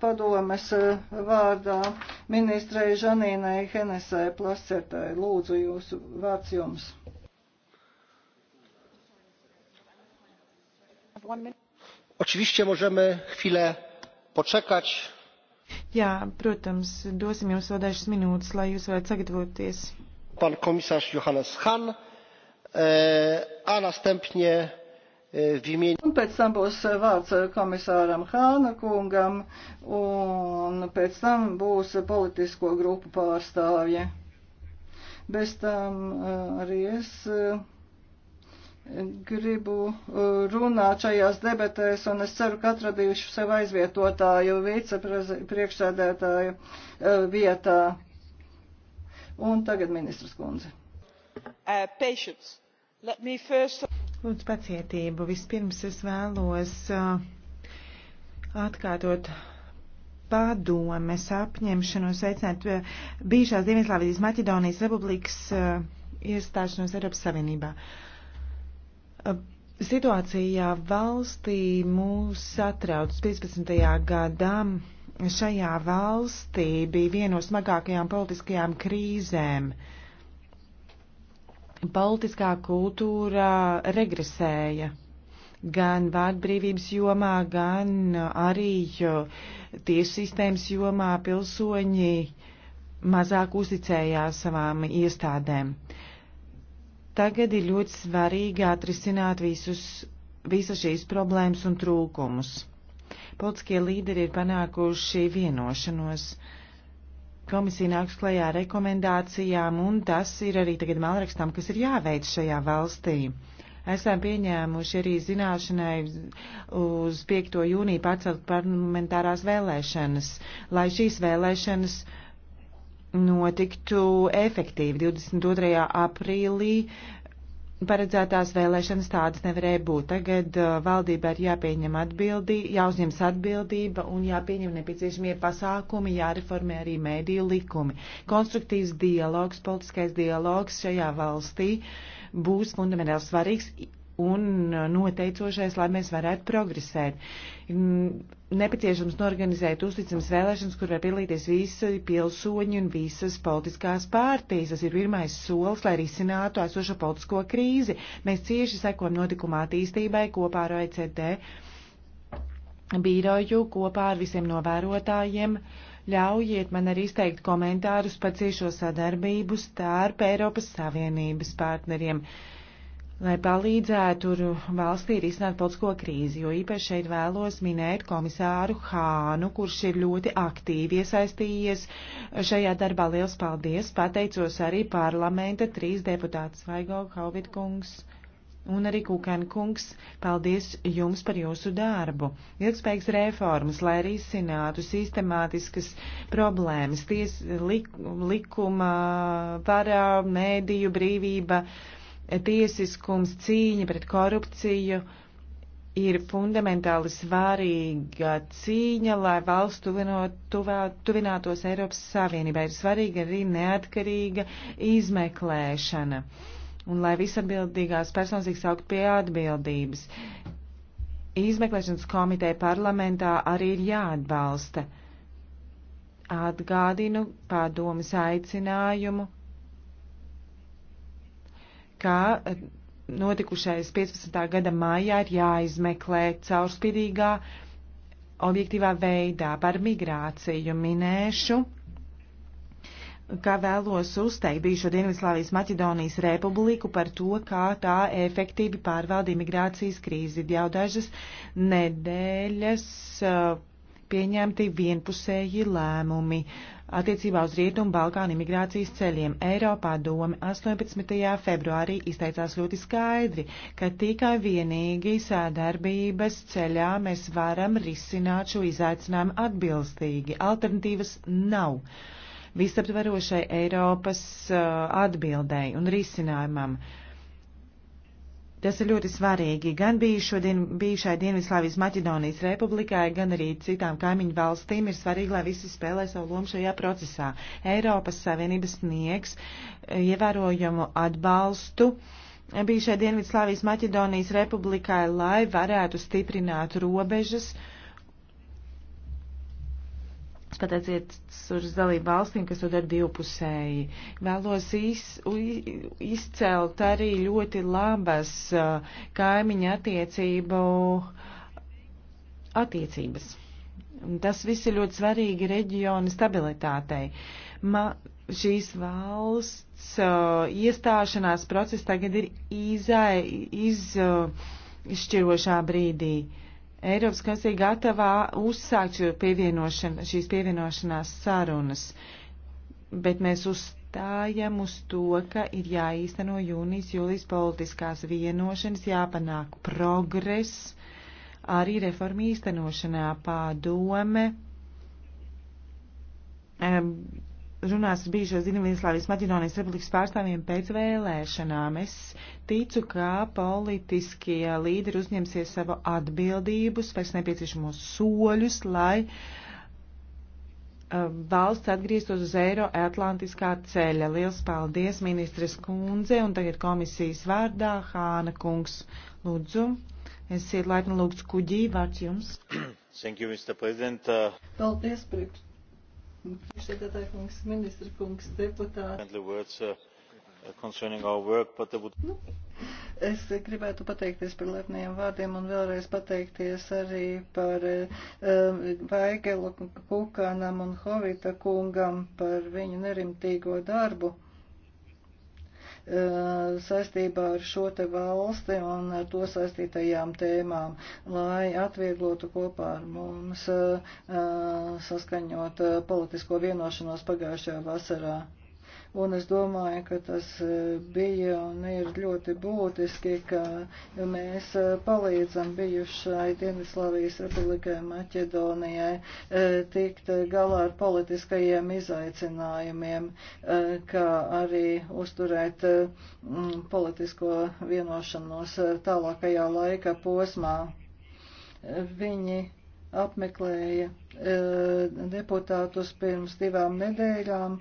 padomes eh, vārdā ministrei Žanīnai Henesai Plasertai. Lūdzu, jūsu vārds jums. Oczywiście możemy chwilę poczekać. Jā, protams, dosim jums vēl dažas minūtes, lai jūs varētu sagatavoties. Pan komisarz Johannes Hahn, eh, a następnie E, un pēc tam būs e, vārds e, komisāram Hāna kungam, un pēc tam būs politisko grupu pārstāvje. Bez tam arī es gribu runāt šajās debatēs, un es ceru, ka atradīšu sev aizvietotāju vicepriekšsēdētāju vietā. Un tagad ministrs kundze. Uh, patience First... Lūdzu, pacietību. Vispirms es vēlos uh, atkārtot padomes apņemšanos veicināt uh, bijušās Dienvidslāvijas Maķedonijas Republikas uh, iestāšanos Eiropas Savienībā. Situācijā valstī mūs satrauc 15. gadā. Šajā valstī bija viena no smagākajām politiskajām krīzēm uh, politiskā kultūra regresēja gan vārdbrīvības jomā, gan arī tiesu sistēmas jomā pilsoņi mazāk uzticējās savām iestādēm. Tagad ir ļoti svarīgi atrisināt visus, visas šīs problēmas un trūkumus. Politiskie līderi ir panākuši vienošanos. Uh, Komisija nāks klajā rekomendācijām, un tas ir arī tagad malrakstam, kas ir jāveic šajā valstī. Esam pieņēmuši arī zināšanai uz 5. jūniju pārcelt parlamentārās vēlēšanas, lai šīs vēlēšanas notiktu efektīvi. 22. aprīlī paredzētās vēlēšanas tādas nevarēja būt. Tagad uh, valdībai ir jāpieņem atbildība, jāuzņems atbildība un jāpieņem nepieciešamie pasākumi, jāreformē arī mēdīju likumi. Konstruktīvs dialogs, politiskais dialogs šajā valstī būs fundamentāli svarīgs un uh, noteicošais, lai mēs varētu progresēt. Mm, nepieciešams norganizēt uzticams vēlēšanas, kur var piedalīties visi pilsoņi un visas politiskās pārtīs. Tas ir pirmais solis, lai risinātu esošo politisko krīzi. Mēs cieši sekojam notikuma attīstībai kopā ar OECD bīroju, kopā ar visiem novērotājiem. Ļaujiet man arī izteikt komentārus par ciešo sadarbību starp Eiropas Savienības partneriem. Uh, lai palīdzētu valstī risināt politisko krīzi, jo īpaši šeit vēlos minēt komisāru Hānu, kurš ir ļoti aktīvi iesaistījies šajā darbā. Liels paldies! Pateicos arī parlamenta trīs deputātas Vaigo Hauvitkungs. Un arī Kukēna kungs, paldies jums par jūsu darbu. Ilgspējīgas reformas, lai arī izcinātu sistemātiskas problēmas, ties, lik, likuma, vara, mēdīju brīvība. Uh, tiesiskums, cīņa pret korupciju ir fundamentāli svarīga cīņa, lai valsts tuvinātos Eiropas Savienībai. Ir svarīga arī neatkarīga izmeklēšana un lai visatbildīgās personas tiks saukt pie atbildības. Izmeklēšanas komiteja parlamentā arī ir jāatbalsta. Atgādinu pārdomas aicinājumu ka eh, notikušais 15. gada mājā ir jāizmeklē caurspīdīgā objektīvā veidā par migrāciju minēšu, ka vēlos uzteikt bijušo Dienvidslāvijas Maķedonijas republiku par to, kā tā efektīvi pārvalda imigrācijas krīzi. Jau dažas nedēļas eh, pieņemti vienpusēji lēmumi. Uh, attiecībā uz Rietumu Balkānu imigrācijas ceļiem. Eiropā doma 18. februārī izteicās ļoti skaidri, ka tikai vienīgi sādarbības ceļā mēs varam risināt šo izaicinājumu atbilstīgi. Alternatīvas nav visaptverošai Eiropas uh, atbildēji un risinājumam. Uh, Tas ir ļoti svarīgi gan bijušodien, bijušai Dienvidslāvijas Maķedonijas republikai, gan arī citām kaimiņu valstīm ir svarīgi, lai visi spēlē savu lomu šajā procesā. Eiropas Savienības sniegs eh, ievērojumu atbalstu bijušai Dienvidslāvijas Maķedonijas republikai, lai varētu stiprināt robežas uh, Pateicies uz dalību valstīm, kas to dara divpusēji. Vēlos iz, izcelt arī ļoti labas uh, kaimiņa attiecību attiecības. Tas viss ir ļoti svarīgi reģiona stabilitātei. Ma, šīs valsts uh, iestāšanās process tagad ir izai, iz, uh, izšķirošā brīdī. Uh, Eiropas komisija gatavā uzsākt pievienošana, šīs pievienošanās sarunas, bet mēs uzstājam uz to, ka ir jāīsteno jūnijas, jūlijas politiskās vienošanas, jāpanāk progress, arī reforma īstenošanā pārdome. Um, runās ar bijušos Dienvidslāvijas Maķedonijas republikas pārstāvjiem pēc vēlēšanām. Es ticu, ka politiskie līderi uzņemsies savu atbildību, spērs nepieciešamos soļus, lai um, valsts atgrieztos uz Eiro-Atlantiskā ceļa. Liels paldies, ministres kundze, un tagad komisijas vārdā Hāna kungs. Lūdzu, esiet laipni lūgts kuģī, vārds jums. Thank you, Mr. President. Paldies, priekšsēdētāj Priekšsēdētāja kungs, ministra kungs, deputāti. Uh, uh, work, would... nu, es gribētu pateikties par lepniem vārdiem un vēlreiz pateikties arī par uh, Vaigelu Kukanam un Hovita kungam par viņu nerimtīgo darbu. Eh, saistībā ar šo te valsti un ar to saistītajām tēmām, lai atvieglotu kopā ar mums eh, eh, saskaņot politisko vienošanos pagājušajā vasarā un es domāju, ka tas e, bija un ir ļoti būtiski, ka mēs e, palīdzam bijušai Dienvidslāvijas republikai Maķedonijai e, tikt galā ar politiskajiem izaicinājumiem, kā arī uzturēt politisko vienošanos tālākajā laika posmā. Viņi apmeklēja eh, deputātus pirms divām nedēļām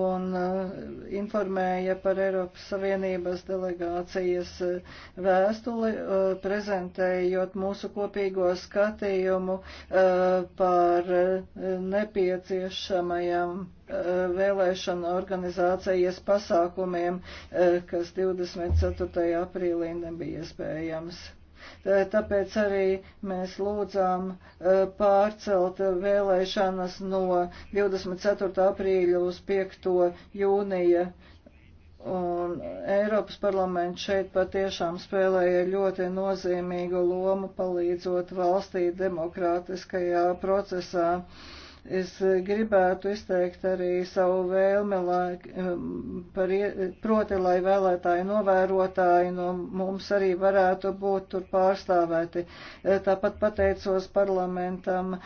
un eh, informēja par Eiropas Savienības delegācijas eh, vēstuli, prezentējot mūsu kopīgo skatījumu par nepieciešamajam vēlēšana organizācijas pasākumiem, kas 24. aprīlī nebija iespējams. Tāpēc arī mēs lūdzām pārcelt vēlēšanas no 24. aprīļa uz 5. jūnija. Un Eiropas parlaments šeit patiešām spēlēja ļoti nozīmīgu lomu palīdzot valstī demokrātiskajā procesā. Uh, Es gribētu izteikt arī savu vēlmi, lai, um, par, proti, lai vēlētāji novērotāji no mums arī varētu būt tur pārstāvēti. Eh, tāpat pateicos parlamentam eh,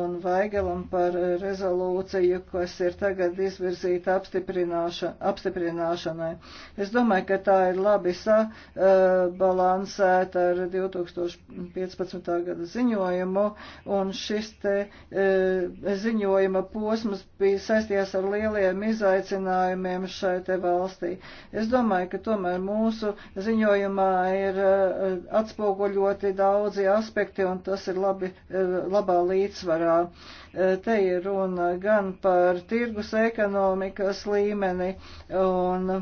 un Vaigelam par rezolūciju, kas ir tagad izvirzīta apstiprināšanai. Es domāju, ka tā ir labi sabalansēta eh, ar 2015. gada ziņojumu un šis te E, ziņojuma posms bija saistījies ar lieliem izaicinājumiem šai te valstī. Es domāju, ka tomēr mūsu ziņojumā ir e, atspoguļoti daudzi aspekti, un tas ir labi, e, labā līdzsvarā. Te ir runa gan par tirgus ekonomikas līmeni un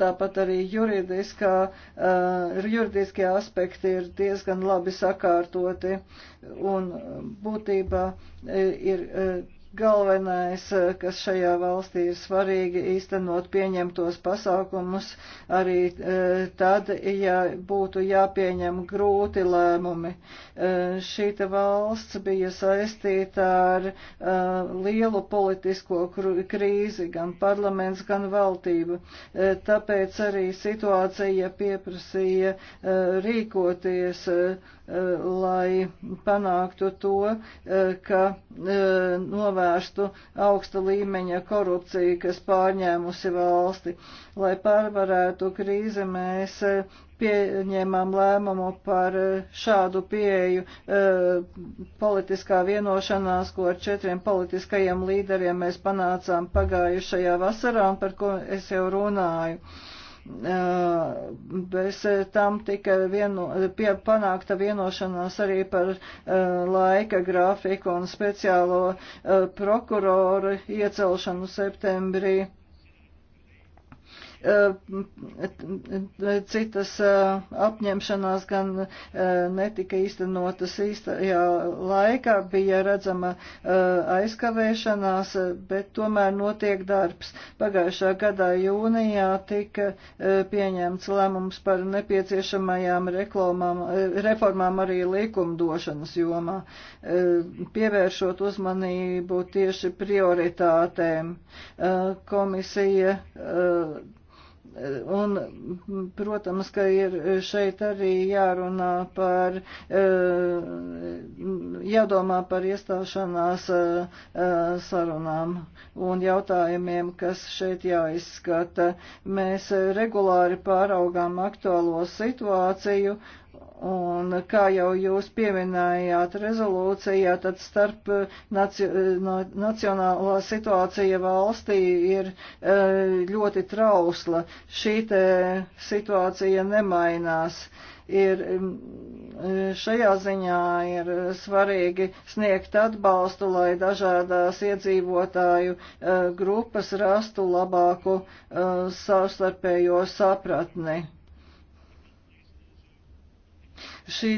Tāpat arī juridiskā, eh, juridiskie aspekti ir diezgan labi sakārtoti un eh, būtībā eh, ir Galvenais, eh, kas šajā valstī ir svarīgi, īstenot pieņemtos pasākumus arī eh, tad, ja būtu jāpieņem grūti lēmumi. Eh, šīta valsts bija saistīta ar lielu politisko krīzi, gan parlaments, gan valdība. Tāpēc arī situācija pieprasīja rīkoties, lai panāktu to, ka novērst novērstu augsta līmeņa korupciju, kas pārņēmusi valsti. Lai pārvarētu krīzi, mēs e, pieņēmām lēmumu par e, šādu pieeju e, politiskā vienošanās, ko ar četriem politiskajiem līderiem mēs panācām pagājušajā vasarā un par ko es jau runāju. Bez eh, eh, tam tika vieno, pie, panākta vienošanās arī par eh, laika grafiku un speciālo prokuroru iecelšanu septembrī. Eh, eh, citas eh, apņemšanās gan netika īstenotas īstajā laikā, bija redzama aizkavēšanās, bet tomēr notiek darbs. Pagājušā gadā jūnijā tika pieņemts lēmums par nepieciešamajām reklamām, reformām arī likumdošanas jomā, pievēršot uzmanību tieši prioritātēm. Komisija Un, protams, ka ir šeit arī jārunā par, eh, jādomā par iestāšanās eh, sarunām un jautājumiem, kas šeit jāizskata. Mēs regulāri pāraugām aktuālo situāciju Un kā jau jūs pieminējāt rezolūcijā, tad starp eh, nacio, eh, nacionālā situācija valstī ir eh, ļoti trausla. Šī situācija nemainās. Ir, mm, šajā ziņā ir svarīgi sniegt atbalstu, lai dažādās iedzīvotāju grupas rastu labāku savstarpējo sapratni šī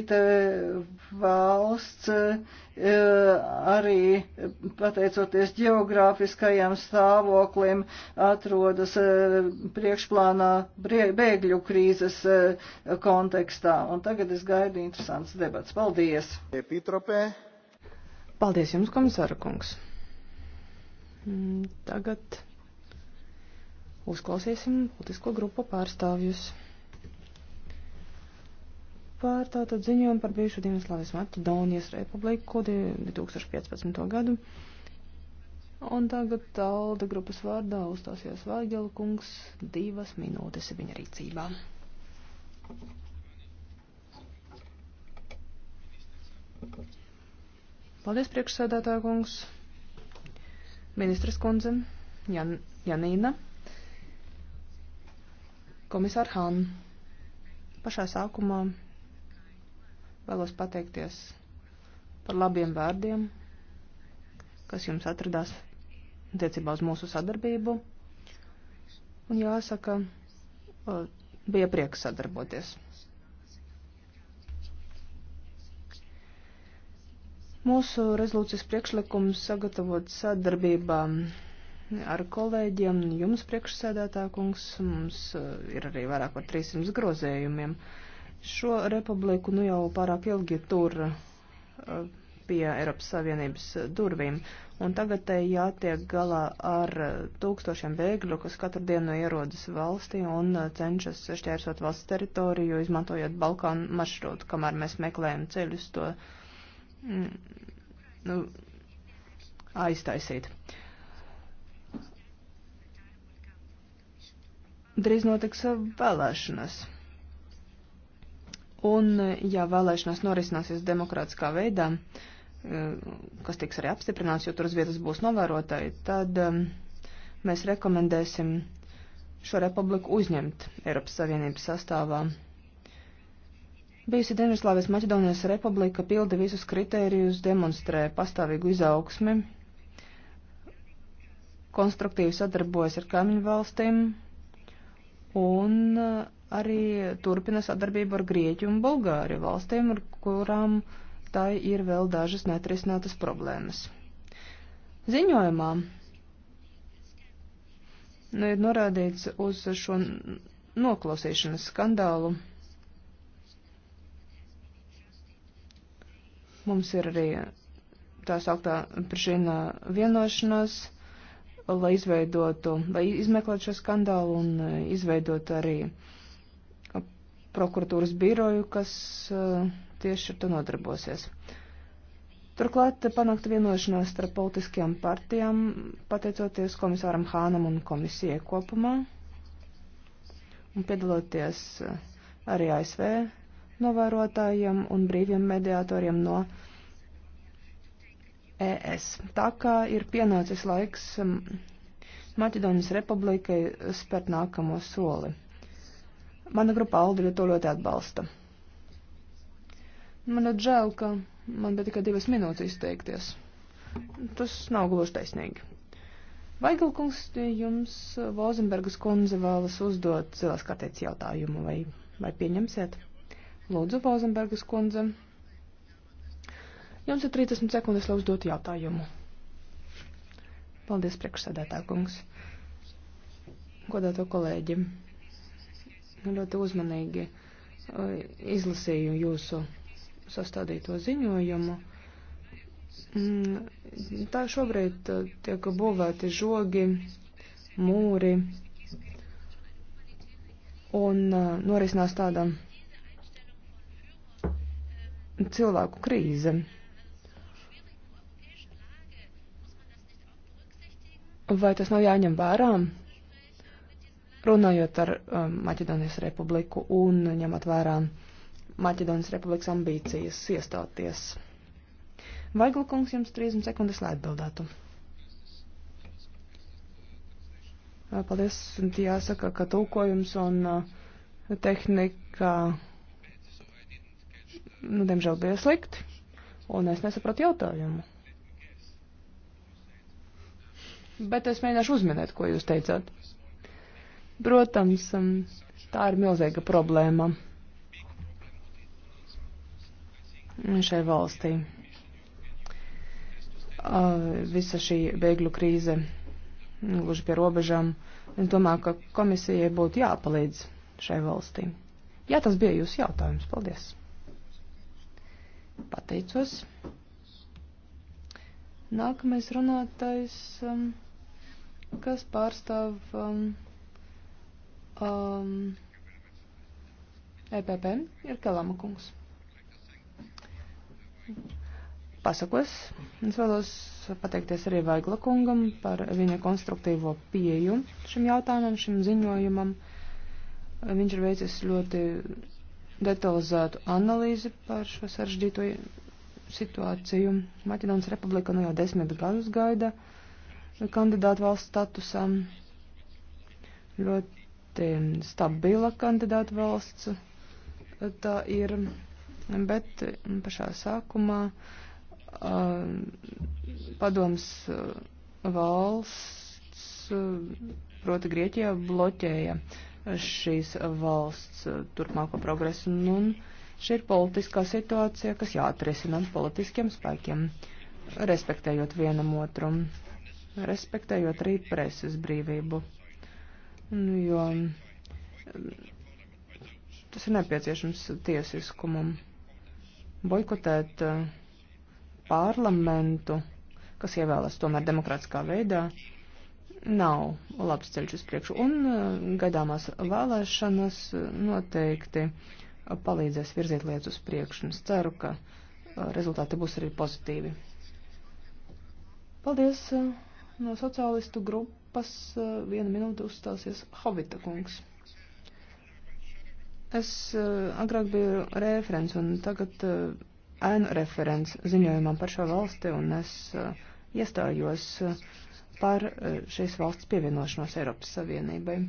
valsts e, arī pateicoties geogrāfiskajam stāvoklim atrodas e, priekšplānā bēgļu krīzes e, kontekstā. Un tagad es gaidu interesants debats. Paldies! Epitropē. Paldies jums, komisāra kungs! Mm, tagad uzklausīsim politisko grupu pārstāvjus par tātad ziņojumu par bijušo Dienvidslāvijas Maķedonijas republiku 2015. gadu. Un tagad talda grupas vārdā uzstāsies Vāģela kungs divas minūtes viņa rīcībā. Paldies priekšsēdētāja kungs, ministras kundze, Jan Janīna, komisār Han. Pašā sākumā Vēlos pateikties par labiem vārdiem, kas jums atradās attiecībā uz mūsu sadarbību. Un jāsaka, bija prieks sadarboties. Mūsu rezolūcijas priekšlikums sagatavots sadarbībā ar kolēģiem. Jums priekšsēdētā kungs mums ir arī vairāk par 300 grozējumiem. Uh, Šo republiku nu jau pārāk ilgi tur eh, pie Eiropas Savienības durvīm, un tagad te jātiek galā ar tūkstošiem bēgļu, kas katru dienu ierodas valstī un eh, cenšas šķērsot valsts teritoriju, izmantojot Balkānu maršrutu, kamēr mēs meklējam ceļus to mm, nu, aiztaisīt. Drīz notiks vēlēšanas. Un, ja vēlēšanās norisināsies demokrātiskā veidā, eh, kas tiks arī apstiprināts, jo tur uz vietas būs novērotāji, tad eh, mēs rekomendēsim šo republiku uzņemt Eiropas Savienības sastāvā. Bijusi Dienvidslāvijas Maķedonijas republika pilda visus kritērijus, demonstrē pastāvīgu izaugsmi, konstruktīvi sadarbojas ar kaimiņu valstīm un eh, arī turpina sadarbību ar Grieķiju un Bulgāriju valstīm, ar kurām tā ir vēl dažas netrisinātas problēmas. Ziņojumā nu, ir norādīts uz šo noklausīšanas skandālu. Mums ir arī tā sauktā priekšīna vienošanās, lai izveidotu, lai izmeklētu šo skandālu un izveidotu arī uh, prokuratūras biroju, kas eh, tieši ar to nodarbosies. Turklāt panākt vienošanās starp politiskajām partijām, pateicoties komisāram Hānam un komisijai kopumā, un piedaloties eh, arī ASV novērotājiem un brīviem mediatoriem no ES. Tā kā ir pienācis laiks mm, Maķedonijas republikai spērt nākamo soli. Mana grupa Aldi to ļoti atbalsta. Man ir žēl, ka man bija tikai divas minūtes izteikties. Tas nav gluži taisnīgi. Vaigalkungs, jums Vozenbergas kundze vēlas uzdot zilās kartēts jautājumu, vai, vai pieņemsiet? Lūdzu, Vozenbergas kundze. Jums ir 30 sekundes, lai uzdot jautājumu. Paldies, priekšsēdētā kungs. Godāto kolēģi nu, ļoti uzmanīgi eh, izlasīju jūsu sastādīto ziņojumu. Mm, tā šobrīd eh, tiek būvēti žogi, mūri un eh, norisinās tāda cilvēku krīze. Vai tas nav jāņem vērā? runājot ar um, Maķedonijas republiku un ņemot vērā Maķedonijas republikas ambīcijas iestāties. Vaiglkungs jums 30 sekundes, lai atbildētu. Paldies, un jāsaka, ka tulkojums un tehnika, nu, diemžēl bija slikti, un es nesapratu jautājumu. Bet es mēģināšu uzminēt, ko jūs teicāt. Protams, um, tā ir milzīga problēma šai valstī. Uh, visa šī bēgļu krīze gluži pie robežām. Es domāju, ka komisijai būtu jāpalīdz šai valstī. Jā, tas bija jūsu jautājums. Paldies. Pateicos. Nākamais runātais, um, kas pārstāv. Um, um, EBB ir Kalama kungs. Pasakos, es vēlos pateikties arī Vaigla kungam par viņa konstruktīvo pieju šim jautājumam, šim ziņojumam. Viņš ir veicis ļoti detalizētu analīzi par šo sarežģīto situāciju. Maķedonas republika nu jau desmit gadus gaida kandidātu valsts statusam. Ļoti ļoti stabila kandidāta valsts. Tā ir, bet pašā sākumā padoms valsts, proti Grieķijā, bloķēja šīs valsts turpmāko progresu. Nu, un šī ir politiskā situācija, kas jāatrisina politiskiem spēkiem, respektējot vienam otru, respektējot arī preses brīvību. Nu, jo mm, tas ir nepieciešams tiesiskumam. Boikotēt eh, parlamentu, kas ievēlas tomēr demokrātiskā veidā, nav labs ceļš uz priekšu. Un eh, gaidāmās vēlēšanas eh, noteikti palīdzēs virzīt lietas uz priekšu. Es ceru, ka rezultāti būs arī pozitīvi. Paldies no sociālistu grupas grupas eh, viena minūte uzstāsies Havita kungs. Es eh, agrāk biju referents un tagad eh, ēnu referents ziņojumam par šo valsti un es iestājos par šīs valsts pievienošanos Eiropas Savienībai.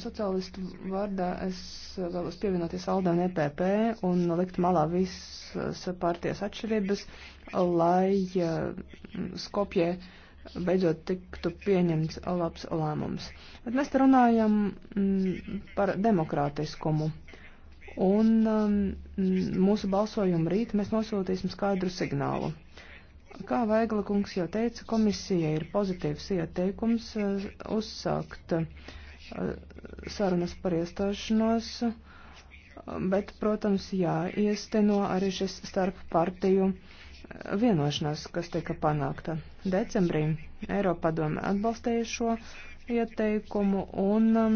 Sociālistu vārdā es vēlos pievienoties Aldam EPP un likt malā visas partijas atšķirības, lai Skopje uh, beidzot tiktu pieņemts labs lēmums. Bet mēs te runājam m, mm, par demokrātiskumu. Un m, mm, mūsu balsojumu rīt mēs nosūtīsim skaidru signālu. Kā Vaigla kungs jau teica, komisija ir pozitīvs ieteikums eh, uzsākt eh, sarunas par iestāšanos, bet, protams, jāiesteno arī šis starp partiju eh, vienošanās, kas tika panākta. Decembrī Eiropadome atbalstīja šo ieteikumu, un um,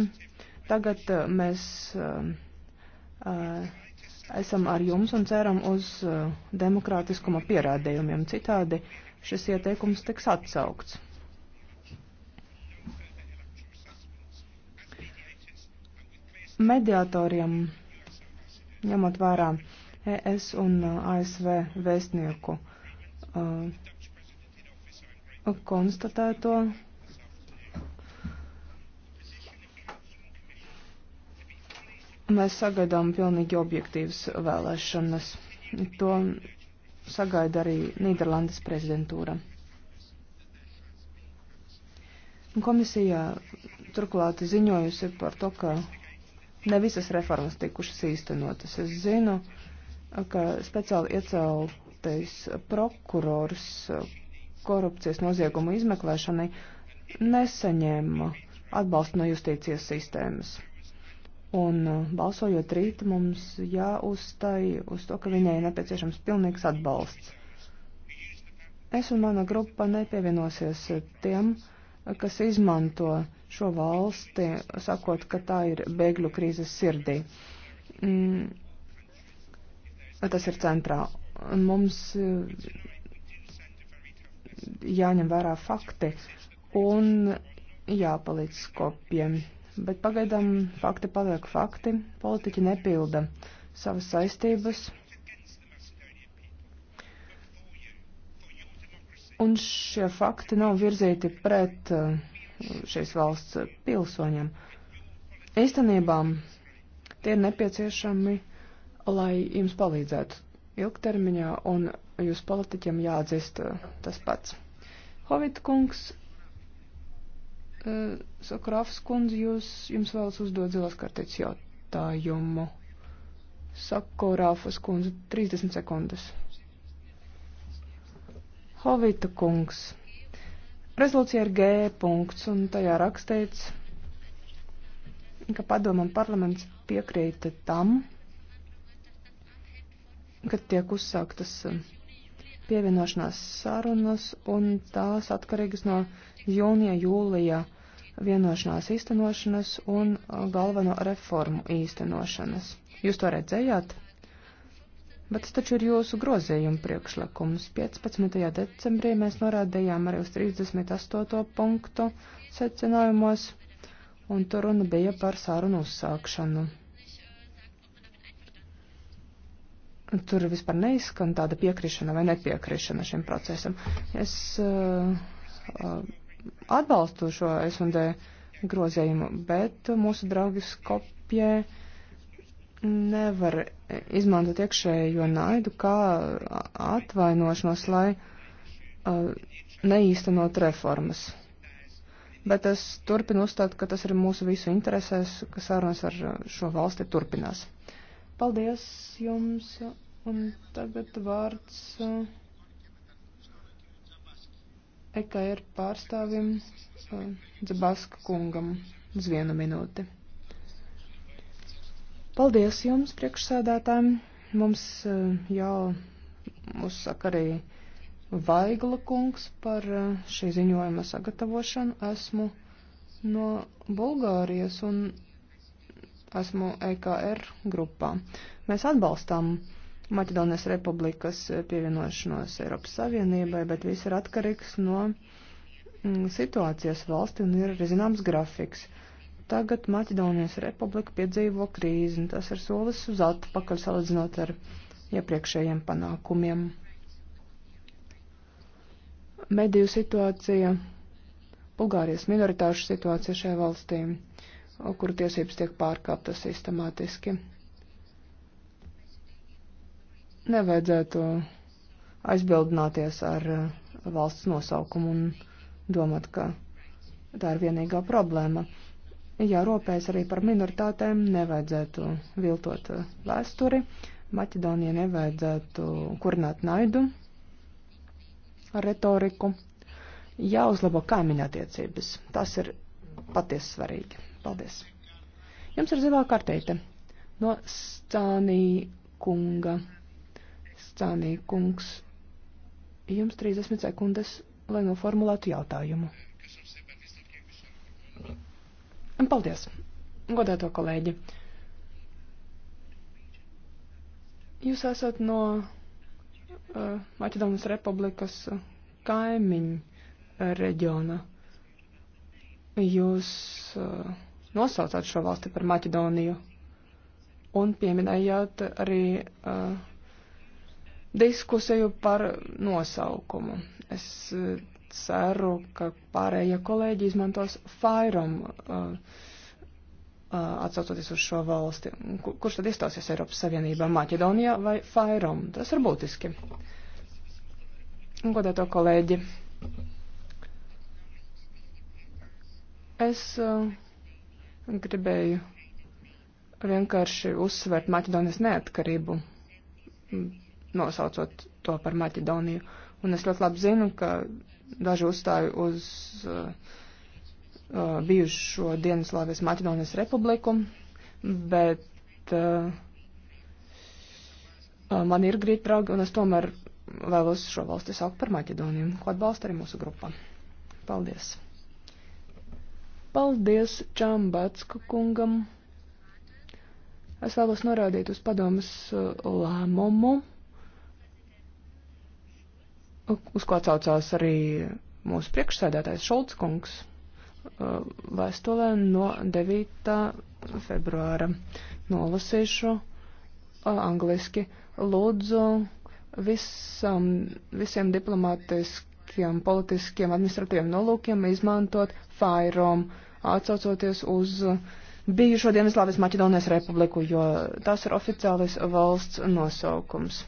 tagad uh, mēs uh, uh, esam ar jums un ceram uz uh, demokrātiskuma pierādījumiem. Citādi šis ieteikums tiks atsaukts. Mediatoriem, ņemot vērā ES un ASV vēstnieku uh, konstatēto. Mēs sagaidām pilnīgi objektīvas vēlēšanas. To sagaida arī Nīderlandes prezidentūra. Komisija turklāt ziņojusi par to, ka ne visas reformas tikušas īstenotas. Es zinu, ka speciāli ieceltais prokurors korupcijas noziegumu izmeklēšanai, nesaņēma atbalstu no justīcijas sistēmas. Un uh, balsojot rīt, mums jāuzstāj uz to, ka viņai nepieciešams pilnīgs atbalsts. Es un mana grupa nepievienosies tiem, kas izmanto šo valsti, sakot, ka tā ir bēgļu krīzes sirdī. Mm, tas ir centrā. Mums jāņem vērā fakti un jāpalīdz skopiem. Bet pagaidām fakti paliek fakti, politiķi nepilda savas saistības. Un šie fakti nav virzīti pret uh, šīs valsts pilsoņiem. Īstenībā tie ir nepieciešami, lai jums palīdzētu ilgtermiņā, un jūs politiķiem jāatzīst eh, tas pats. Hovita kungs, eh, Sakrāfs kundze, jūs, jums vēlas uzdot zilās kartītes jautājumu. Sakrāfas kundze, 30 sekundes. Hovita kungs. Rezolūcija ir G punkts, un tajā rakstīts, ka padomam parlaments piekrīta tam, kad tiek uzsāktas um, pievienošanās sarunas, un tās atkarīgas no jūnija, jūlija vienošanās īstenošanas un uh, galveno reformu īstenošanas. Jūs to redzējāt? Bet tas taču ir jūsu grozījuma priekšlikums. 15. decembrī mēs norādījām arī uz 38. punktu secinājumos, un tur runa bija par sarunu uzsākšanu. Tur vispār neizskan tāda piekrišana vai nepiekrišana šim procesam. Es uh, uh atbalstu šo S&D grozējumu, bet mūsu draugi Skopjē nevar izmantot iekšējo naidu kā atvainošanos, lai uh, neīstenot reformas bet es turpinu uzstāt, ka tas ir mūsu visu interesēs, ka sarunas ar šo valsti turpinās. Paldies jums, un tagad vārds eh, EKR pārstāvim eh, Dzabaska kungam uz vienu minūti. Paldies jums, priekšsēdētājiem. Mums eh, jau uzsaka arī Vaigla kungs par šī ziņojuma sagatavošanu. Esmu no Bulgārijas un Esmu EKR grupā. Mēs atbalstām Maķedonijas republikas pievienošanos Eiropas Savienībai, bet viss ir atkarīgs no mm, situācijas valsti un ir zināms grafiks. Tagad Maķedonijas republika piedzīvo krīzi, un tas ir solis uz atpakaļ salīdzinot ar iepriekšējiem panākumiem. Mediju situācija, Bulgārijas minoritāšu situācija šajā valstī kuru tiesības tiek pārkāptas sistemātiski. Nevajadzētu aizbildināties ar uh, valsts nosaukumu un domāt, ka tā ir vienīgā problēma. Jārūpējas arī par minoritātēm, nevajadzētu viltot uh, vēsturi, Maķedonija nevajadzētu kurināt naidu ar retoriku. Jāuzlabo kaimiņattiecības. Tas ir patiesi svarīgi. Paldies. Jums ir zilā karteite no Scānī kunga. Scānī kungs, jums 30 sekundes, lai noformulētu jautājumu. Paldies, godēto kolēģi. Jūs esat no uh, Maķedonas Republikas uh, kaimiņu reģiona. Jūs uh, nosaucāt šo valsti par Maķedoniju un pieminējāt arī uh, diskusiju par nosaukumu. Es uh, ceru, ka pārējie kolēģi izmantos Fairom, uh, uh, atsaucoties uz šo valsti. Kur, kurš tad iestāsies Eiropas Savienībā? Maķedonijā vai Fairom? Tas ir būtiski. Godēto kolēģi. Es uh, Gribēju vienkārši uzsvērt Maķedonijas neatkarību, nosaucot to par Maķedoniju. Un es ļoti labi zinu, ka daži uzstāju uz uh, uh, bijušo Dienaslāvijas Maķedonijas republiku, bet uh, uh man ir grīt draugi, un es tomēr vēlos šo valsti saukt par Maķedoniju, ko atbalsta arī mūsu grupa. Paldies! Paldies Čambatska kungam. Es vēlos norādīt uz padomas uh, lēmumu, uz ko atsaucās arī mūsu priekšsēdētājs Šolts kungs uh, vēstulē no 9. februāra. Nolasīšu uh, angliski. Lūdzu visam, visiem diplomātiski politiskiem, politiskiem administratīviem nolūkiem izmantot FIROM, atsaucoties uz bijušo Dienvidslāvijas Maķedonijas republiku, jo tas ir oficiālais valsts nosaukums.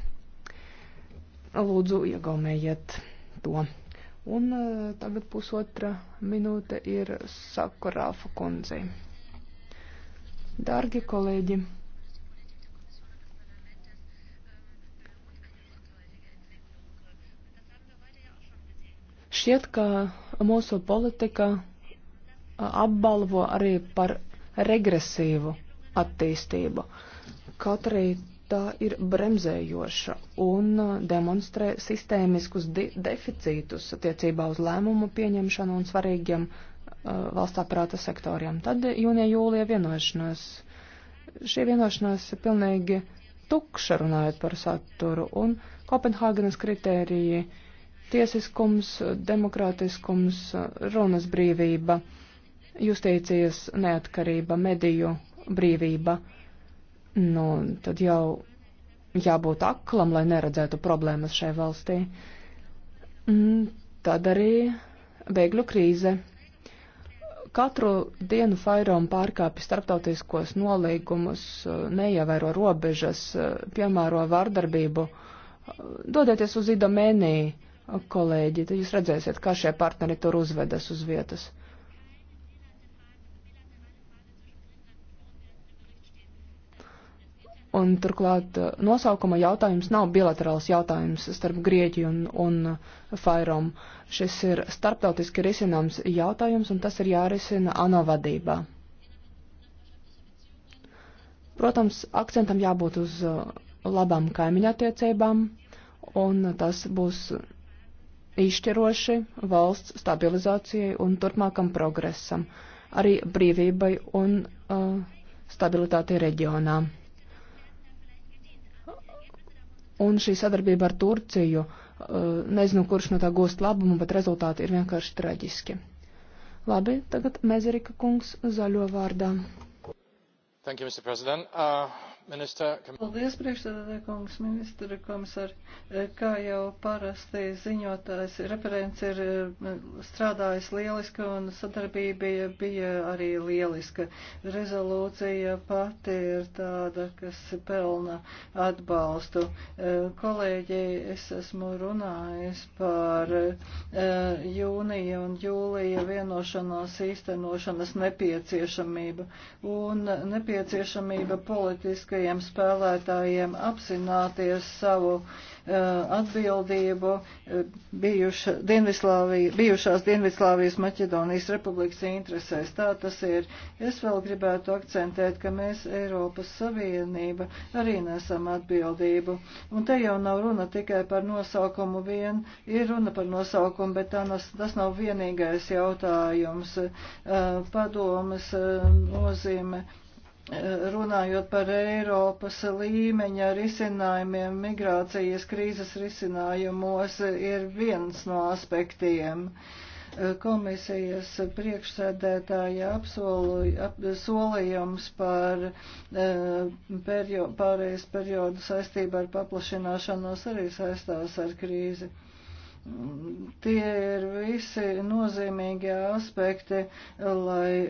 Lūdzu, iegaumējiet to. Un eh, tagad pusotra minūte ir Sakurāfa kundzei. Dārgi kolēģi! Šķiet, ka mūsu politika apbalvo arī par regresīvu attīstību, kaut arī tā ir bremzējoša un demonstrē sistēmiskus de deficītus attiecībā uz lēmumu pieņemšanu un svarīgiem uh, valstā prāta sektoriem. Tad jūnija jūlija vienošanās. Šī vienošanās ir pilnīgi tukša runājot par saturu un Kopenhāgenes kritēriji uh, tiesiskums, demokrātiskums, runas brīvība, justīcijas neatkarība, mediju brīvība. Nu, tad jau jābūt aklam, lai neredzētu problēmas šai valstī. Mm, tad arī bēgļu krīze. Katru dienu Fairom pārkāpj starptautiskos nolīgumus, neievēro robežas, piemēro vārdarbību. Dodieties uz Idomēniju kolēģi, tad jūs redzēsiet, kā šie partneri tur uzvedas uz vietas. Un turklāt eh, nosaukuma jautājums nav bilaterāls jautājums starp Grieķiju un, un Fairom. Šis ir starptautiski risināms jautājums, un tas ir jārisina ANO vadībā. Protams, akcentam jābūt uz eh, labām kaimiņattiecībām, un tas būs izšķiroši valsts stabilizācijai un turpmākam progresam, arī brīvībai un uh, stabilitātei reģionā. Un šī sadarbība ar Turciju, uh, nezinu, kurš no tā gūst labumu, bet rezultāti ir vienkārši traģiski. Labi, tagad Mezerika kungs zaļo vārdā. Thank you, Mr. President. Uh... Minister... Paldies, priekšsēdētāji kungs, ministra komisāri. E, kā jau parasti ziņotājs referents ir e, strādājis lieliski un sadarbība bija, bija arī lieliska. Rezolūcija pati ir tāda, kas pelna atbalstu. E, kolēģi, es esmu runājis par jūnija un jūlija vienošanās īstenošanas nepieciešamību un nepieciešamība politiska lielākajiem spēlētājiem apzināties savu eh, atbildību eh, bijuša, Dienvislāvija, bijušās Dienvidslāvijas Maķedonijas republikas interesēs. Tā tas ir. Es vēl gribētu akcentēt, ka mēs Eiropas Savienība arī nesam atbildību. Un te jau nav runa tikai par nosaukumu vien, ir runa par nosaukumu, bet tā nas, tas nav vienīgais jautājums. Eh, padomas nozīme runājot par Eiropas līmeņa risinājumiem, migrācijas krīzes risinājumos ir viens no aspektiem. Komisijas priekšsēdētāja apsolījums par eh, perio, pārējais periodu saistībā ar paplašināšanos arī saistās ar krīzi. Tie ir visi nozīmīgie aspekti, lai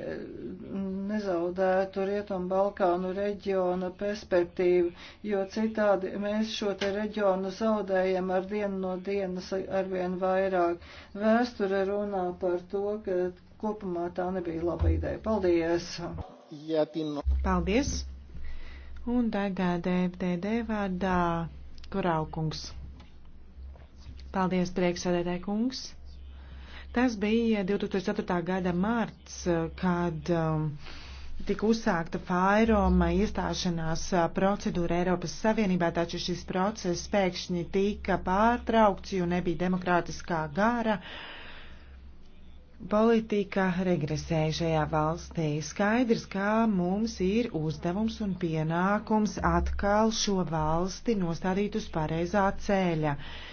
nezaudētu Rietumu Balkānu reģiona perspektīvu, jo citādi mēs šo te reģionu zaudējam ar dienu no dienas arvien vairāk. Vēsture runā par to, ka kopumā tā nebija laba ideja. Paldies! Paldies! Un tagad DFDD vārdā Kuraukungs. Paldies, priekšsēdētāji kungs. Tas bija 2004. gada marts, kad um, tika uzsākta Fairoma iestāšanās uh, procedūra Eiropas Savienībā, taču šis process pēkšņi tika pārtraukts, jo nebija demokrātiskā gara. Politika regresēja šajā valstī. Skaidrs, kā mums ir uzdevums un pienākums atkal šo valsti nostādīt uz pareizā ceļa. Uh,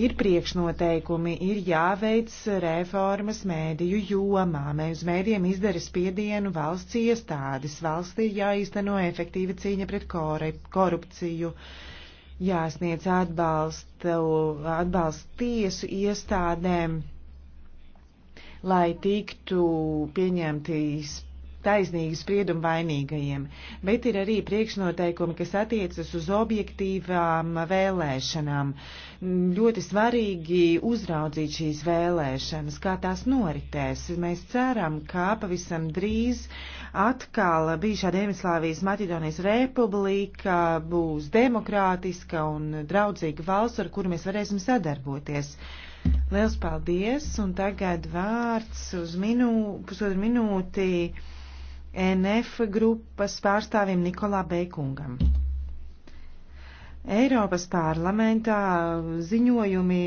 ir priekšnoteikumi, ir jāveic reformas mēdīju jomā. Mēs uz mēdījiem izdara spiedienu valsts iestādes. Valstī jāīsteno efektīva cīņa pret korupciju, jāsniedz atbalstu, atbalstu tiesu iestādēm, lai tiktu pieņemti taisnīgi spriedumu vainīgajiem, bet ir arī priekšnoteikumi, kas attiecas uz objektīvām vēlēšanām. Ļoti svarīgi uzraudzīt šīs vēlēšanas, kā tās noritēs. Mēs ceram, ka pavisam drīz atkal bijušā Dienvidslāvijas Maķedonijas republika būs demokrātiska un draudzīga valsts, ar kuru mēs varēsim sadarboties. Liels paldies, un tagad vārds uz minū, pusotru minūti NF grupas pārstāvim Nikolā Beikungam. Eiropas parlamentā ziņojumi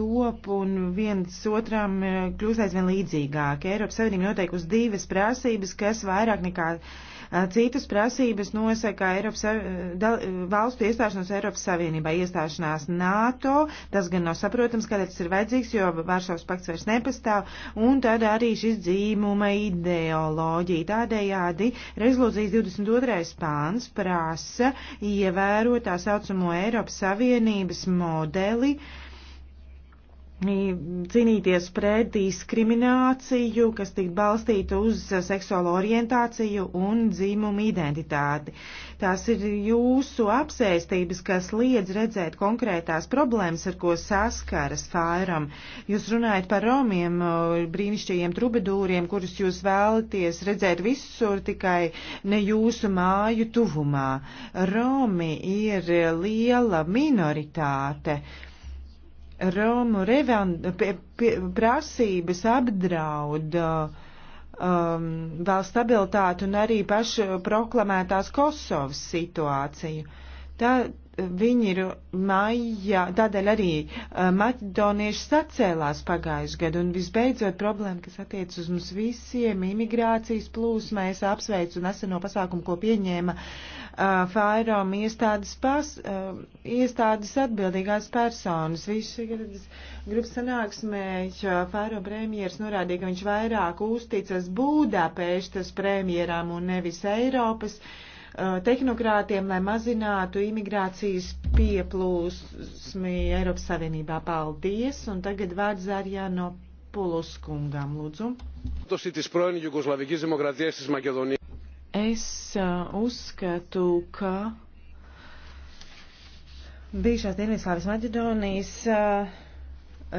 top un viens otram eh, kļūst aizvien līdzīgāk. Eiropas Savienība noteikusi divas prasības, kas vairāk nekā uh, Citas prasības nosaka Eiropas, valstu iestāšanos Eiropas Savienībā, iestāšanās NATO. Tas gan nav saprotams, kādēļ tas ir vajadzīgs, jo Vāršavas pakts vairs nepastāv. Un tad arī šis dzīmuma ideoloģija. Tādējādi rezolūcijas 22. pāns prasa ievērot tā saucamo Eiropas Savienības modeli. Uh, cīnīties pret diskrimināciju, kas tik balstīta uz seksuālo orientāciju un dzimumu identitāti. Tās ir jūsu apsēstības, kas liedz redzēt konkrētās problēmas, ar ko saskaras fairam. Jūs runājat par romiem, brīnišķīgiem trubidūriem, kurus jūs vēlaties redzēt visur, tikai ne jūsu māju tuvumā. Romi ir liela minoritāte Romu revan, pie, pie, prasības apdraud um, vēl stabilitāti un arī pašu proklamētās Kosovas situāciju. Tā, viņi ir maijā, tādēļ arī uh, maķedonieši sacēlās pagājušajā gadu, un visbeidzot problēma, kas attiec uz mums visiem, imigrācijas plūsmēs apsveicu neseno pasākumu, ko pieņēma uh, Uh, fairom iestādes, pas, uh, iestādes atbildīgās personas. Visu grupas sanāksmē uh, fairo premjeras norādīja, ka viņš vairāk uzticas Būdapēštas premjeram un nevis Eiropas tehnokrātiem, lai mazinātu imigrācijas pieplūsmi Eiropas Savienībā. Paldies! Un tagad vārds Arjāno Puluskungam, lūdzu. Es uh, uzskatu, ka bijušās Dienvidslāvijas Maģedonijas uh,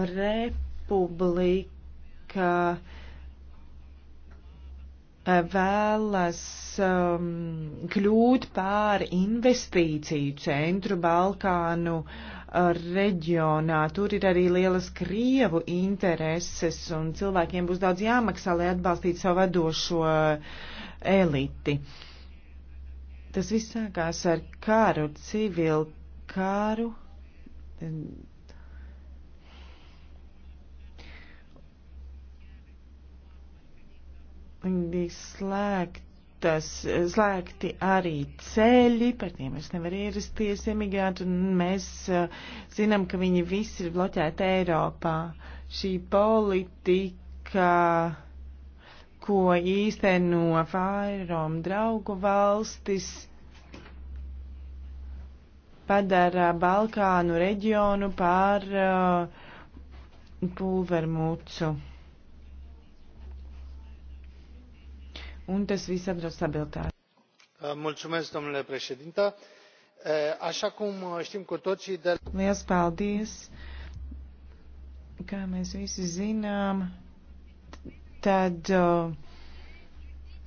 republika uh, vēlas um, kļūt pār investīciju centru Balkānu uh, reģionā. Tur ir arī lielas Krievu intereses un cilvēkiem būs daudz jāmaksā, lai atbalstītu savu vadošo uh, eliti. Tas viss sākās ar kāru, civilu kāru. Bija slēgtas, slēgti arī ceļi, par tiem es nevaru ierasties emigrāti, un mēs eh, zinām, ka viņi visi ir bloķēti Eiropā. Šī politika ko īsteno Fairom draugu valstis, padara Balkānu reģionu par uh, pulvermucu. Un tas viss apdraud stabilitāti. Uh, mulțumesc, domnule președinte. Uh, așa cum uh, știm cu toții de... Liels paldies! Kā mēs visi zinām, Tad uh,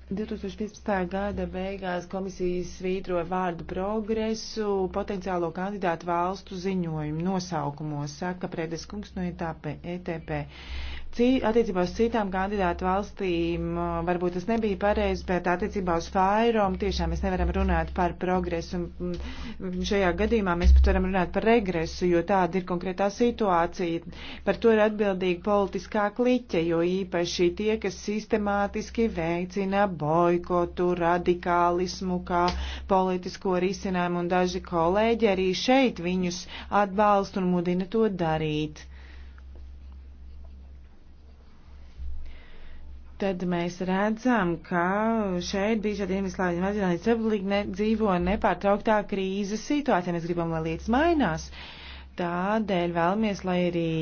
2015. gada beigās komisija svītroja vārdu progresu potenciālo kandidātu valstu ziņojumu nosaukumos, saka Predes kungs no ETP attiecībā uz citām kandidātu valstīm uh, varbūt tas nebija pareizi, bet attiecībā uz Fairom tiešām mēs nevaram runāt par progresu. Mm, mm, šajā gadījumā mēs pat varam runāt par regresu, jo tāda ir konkrētā situācija. Par to ir atbildīga politiskā kliķa, jo īpaši tie, kas sistemātiski veicina boikotu, radikālismu kā politisko risinājumu, un daži kolēģi arī šeit viņus atbalsta un mudina to darīt. tad mēs redzam, ka šeit bijušā Dienvidslāvija Mazilānijas republika ne, dzīvo nepārtrauktā krīzes situācijā. Mēs gribam, lai lietas mainās. Tādēļ vēlamies, lai arī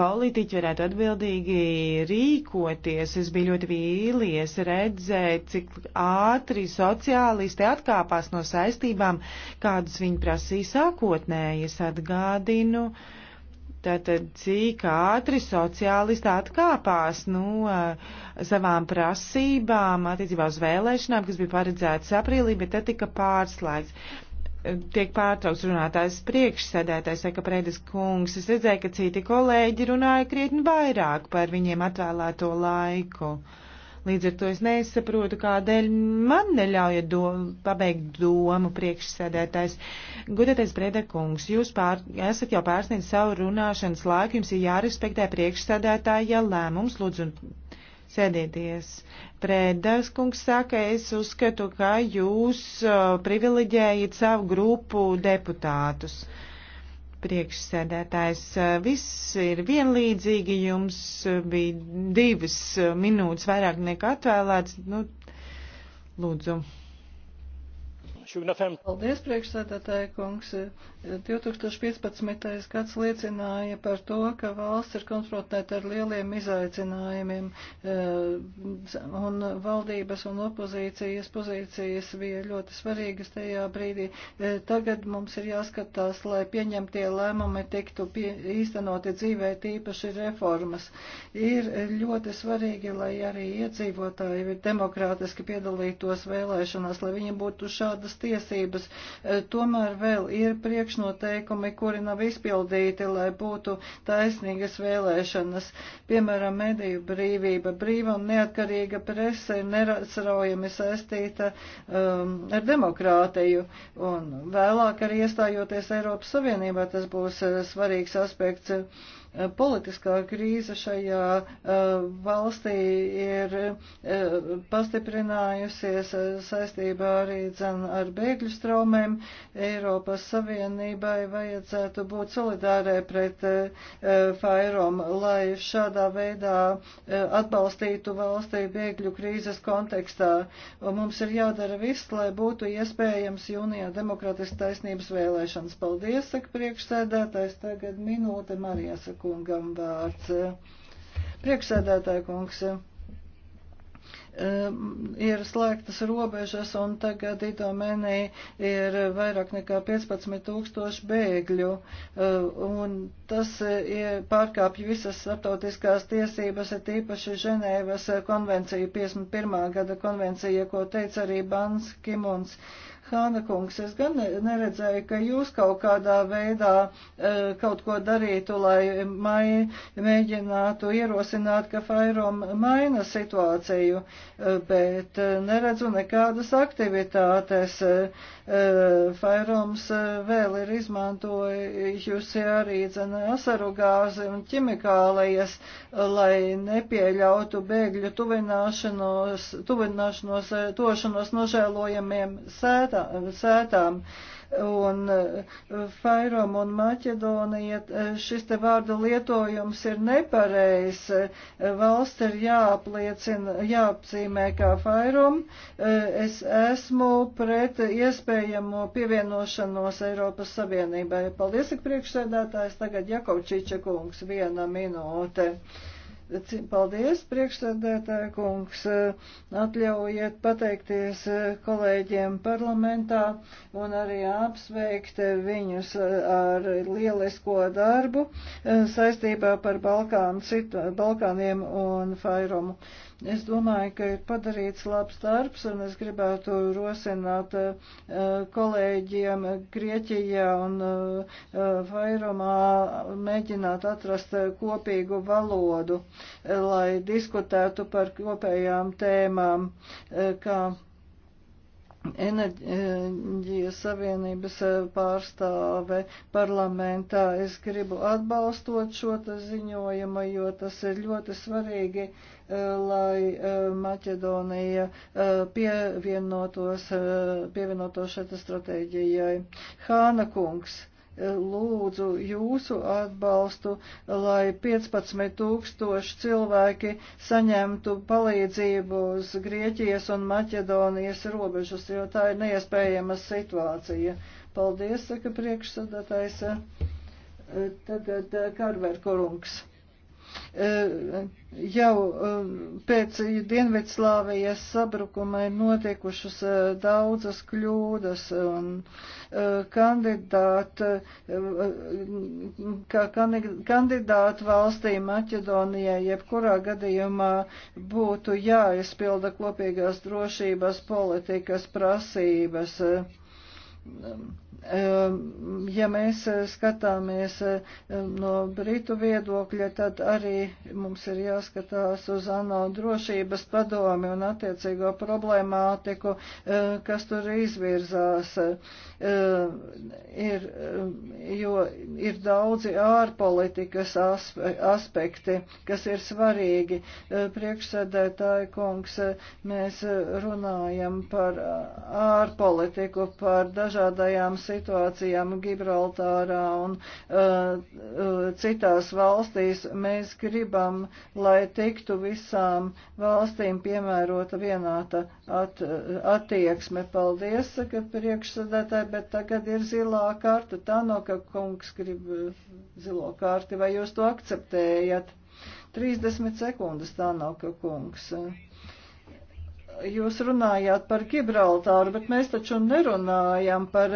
politiķi varētu atbildīgi rīkoties. Es biju ļoti vīlies redzēt, cik ātri sociālisti atkāpās no saistībām, kādas viņi prasīja sākotnēji. Es atgādinu. Uh, Tātad, cik ātri sociālisti atkāpās no nu, eh, savām prasībām attiecībā uz vēlēšanām, kas bija paredzētas aprīlī, bet tad tika pārslēgts. Eh, tiek pārtraukts runātājs priekšsēdētājs, saka Prēdes kungs. Es redzēju, ka citi kolēģi runāja krietni vairāk par viņiem atvēlēto laiku. Uh, Līdz ar to es nesaprotu, kādēļ man neļauja do, pabeigt domu priekšsēdētājs. Gudētais Bredekungs, jūs pār, esat jau pārsniedz savu runāšanas laiku, jums ir jārespektē priekšsēdētāja lēmums, lūdzu, un sēdieties. Prēdas kungs saka, es uzskatu, ka jūs uh, privileģējat savu grupu deputātus. Uh, Priekšsēdētājs, eh, viss ir vienlīdzīgi, jums eh, bija divas eh, minūtes vairāk nekā atvēlēts. Nu, lūdzu. Paldies, priekšsēdētāja kungs. 2015. gads liecināja par to, ka valsts ir konfrontēta ar lieliem izaicinājumiem, eh, un valdības un opozīcijas pozīcijas bija ļoti svarīgas tajā brīdī. Eh, tagad mums ir jāskatās, lai pieņemtie lēmumi tiktu pie, īstenoti dzīvē tīpaši reformas. Ir ļoti svarīgi, lai arī iedzīvotāji demokrātiski piedalītos vēlēšanās, lai viņiem būtu šādas tiesības. Eh, tomēr vēl ir priekš priekšnoteikumi, kuri nav izpildīti, lai būtu taisnīgas vēlēšanas. Piemēram, mediju brīvība, brīva un neatkarīga prese ir nerasraujami saistīta um, ar demokrātiju. Un vēlāk arī iestājoties Eiropas Savienībā, tas būs uh, svarīgs aspekts. Uh, Eh, politiskā krīze šajā eh, valstī ir eh, pastiprinājusies saistībā arī dzen ar bēgļu straumēm. Eiropas Savienībai vajadzētu būt solidārai pret Fairom, lai šādā veidā atbalstītu valstī bēgļu krīzes kontekstā. Mums ir jādara viss, lai būtu iespējams jūnijā demokratiski taisnības vēlēšanas. Paldies, saka priekšsēdētājs. Tagad minūte Marijas kungam vārds. Priekšsēdētāja kungs um, ir slēgtas robežas un tagad Idomenī ir vairāk nekā 15 tūkstoši bēgļu. Uh, un tas e, pārkāpj visas starptautiskās tiesības, ir tīpaši Ženēvas konvencija, 51. gada konvencija, ko teica arī Bans Kimuns. Hāna kungs, es gan neredzēju, ka jūs kaut kādā veidā eh, kaut ko darītu, lai mai, mēģinātu ierosināt, ka Fairom maina situāciju, eh, bet eh, neredzu nekādas aktivitātes. Eh, Fairums eh, vēl ir izmantojusi arī asaru gāzi un ķimikālējas, lai nepieļautu bēgļu tuvināšanos, tuvināšanos eh, tošanos nožēlojamiem sētā, sētām un eh, Fairom un Maķedonija eh, šis te vārdu lietojums ir nepareizs. Eh, valsts ir jāapliecina, jāapzīmē kā Fairom. Es esmu pret iespējamo pievienošanos Eiropas Savienībai. Paldies, ka priekšsēdētājs tagad Jakovčiča kungs viena minūte. Paldies, priekšsēdētāja kungs. Atļaujiet pateikties eh, kolēģiem parlamentā un arī apsveikt viņus eh, ar lielisko darbu eh, saistībā par Balkānu, Balkāniem un Fairomu. Es domāju, ka ir padarīts labs darbs, un es gribētu rosināt eh, kolēģiem Grieķijā un eh, Vairumā mēģināt atrast eh, kopīgu valodu, lai diskutētu par kopējām tēmām, kā enerģijas savienības pārstāve parlamentā. Es gribu atbalstot šo ziņojumu, jo tas ir ļoti svarīgi lai eh, Maķedonija eh, pievienotos, eh, pievienotos šeit stratēģijai. Hāna kungs lūdzu jūsu atbalstu, lai 15 tūkstoši cilvēki saņemtu palīdzību uz Grieķijas un Maķedonijas robežas, jo tā ir neiespējama situācija. Paldies, saka priekšsadatājs. Tagad Karver Korungs. Eh, jau eh, pēc Dienvidslāvijas sabrukuma ir notiekušas eh, daudzas kļūdas un kandidāti, kā kandidāti valstī Maķedonijai jebkurā gadījumā būtu jāizpilda kopīgās drošības politikas prasības. Um, Ehm, ja mēs eh, skatāmies eh, no Britu viedokļa, tad arī mums ir jāskatās uz ANO drošības padomi un attiecīgo problemātiku, eh, kas tur izvirzās. Ehm, ir, jo ir daudzi ārpolitikas aspekti, kas ir svarīgi. Ehm, priekšsēdētāji kungs, mēs runājam par ārpolitiku, par dažādajām situācijām situācijām Gibraltārā un uh, uh, citās valstīs, mēs gribam, lai tiktu visām valstīm piemērota vienāta at, attieksme. Paldies, ka priekšsadētāji, bet tagad ir zilā karta. Tā no, ka kungs grib uh, zilo karti, vai jūs to akceptējat? 30 sekundes tā nav, ka kungs. Uh, Jūs runājāt par Gibraltāru, bet mēs taču nerunājam par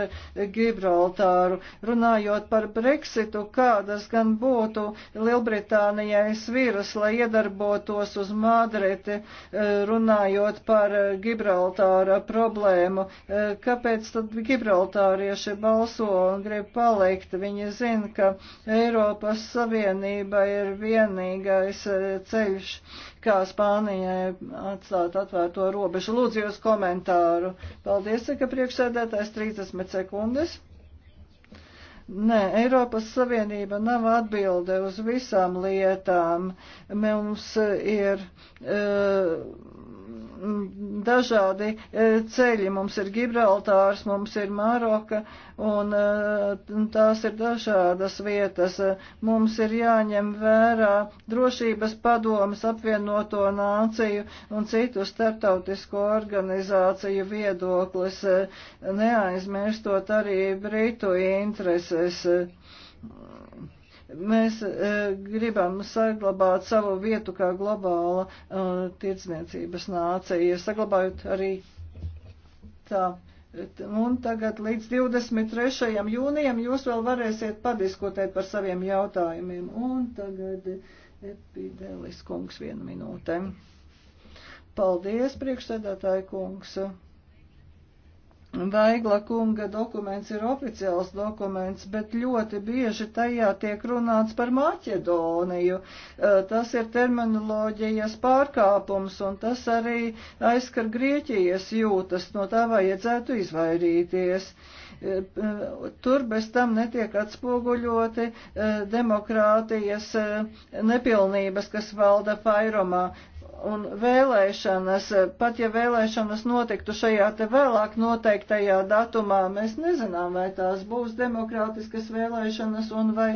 Gibraltāru. Runājot par Brexitu, kādas gan būtu Lielbritānijai sviras, lai iedarbotos uz Madriti, eh, runājot par Gibraltāra problēmu. Eh, kāpēc tad Gibraltārieši balso un grib palikt? Viņi zina, ka Eiropas Savienība ir vienīgais eh, ceļš kā Spānijai atstāt atvērto robežu. Lūdzu jūs komentāru. Paldies, ka priekšsēdētājs 30 sekundes. Nē, Eiropas Savienība nav atbilde uz visām lietām. Mums ir. Uh, dažādi e, ceļi. Mums ir Gibraltārs, mums ir Maroka, e, un tās ir dažādas vietas. Mums ir jāņem vērā drošības padomas apvienoto nāciju un citu starptautisko organizāciju viedoklis, e, neaizmirstot arī Britu intereses. Mēs e, gribam saglabāt savu vietu kā globāla e, tirdzniecības nācija, saglabājot arī tā. Un tagad līdz 23. jūnijam jūs vēl varēsiet padiskutēt par saviem jautājumiem. Un tagad epidēlis kungs vienu minūtēm. Paldies, priekšsēdētāji kungs. Vaigla kunga dokuments ir oficiāls dokuments, bet ļoti bieži tajā tiek runāts par Maķedoniju. Tas ir terminoloģijas pārkāpums, un tas arī aizskar Grieķijas jūtas. No tā vajadzētu izvairīties. Tur bez tam netiek atspoguļoti demokrātijas nepilnības, kas valda Fairomā un vēlēšanas, pat ja vēlēšanas notiktu šajā te vēlāk noteiktajā datumā, mēs nezinām, vai tās būs demokrātiskas vēlēšanas un vai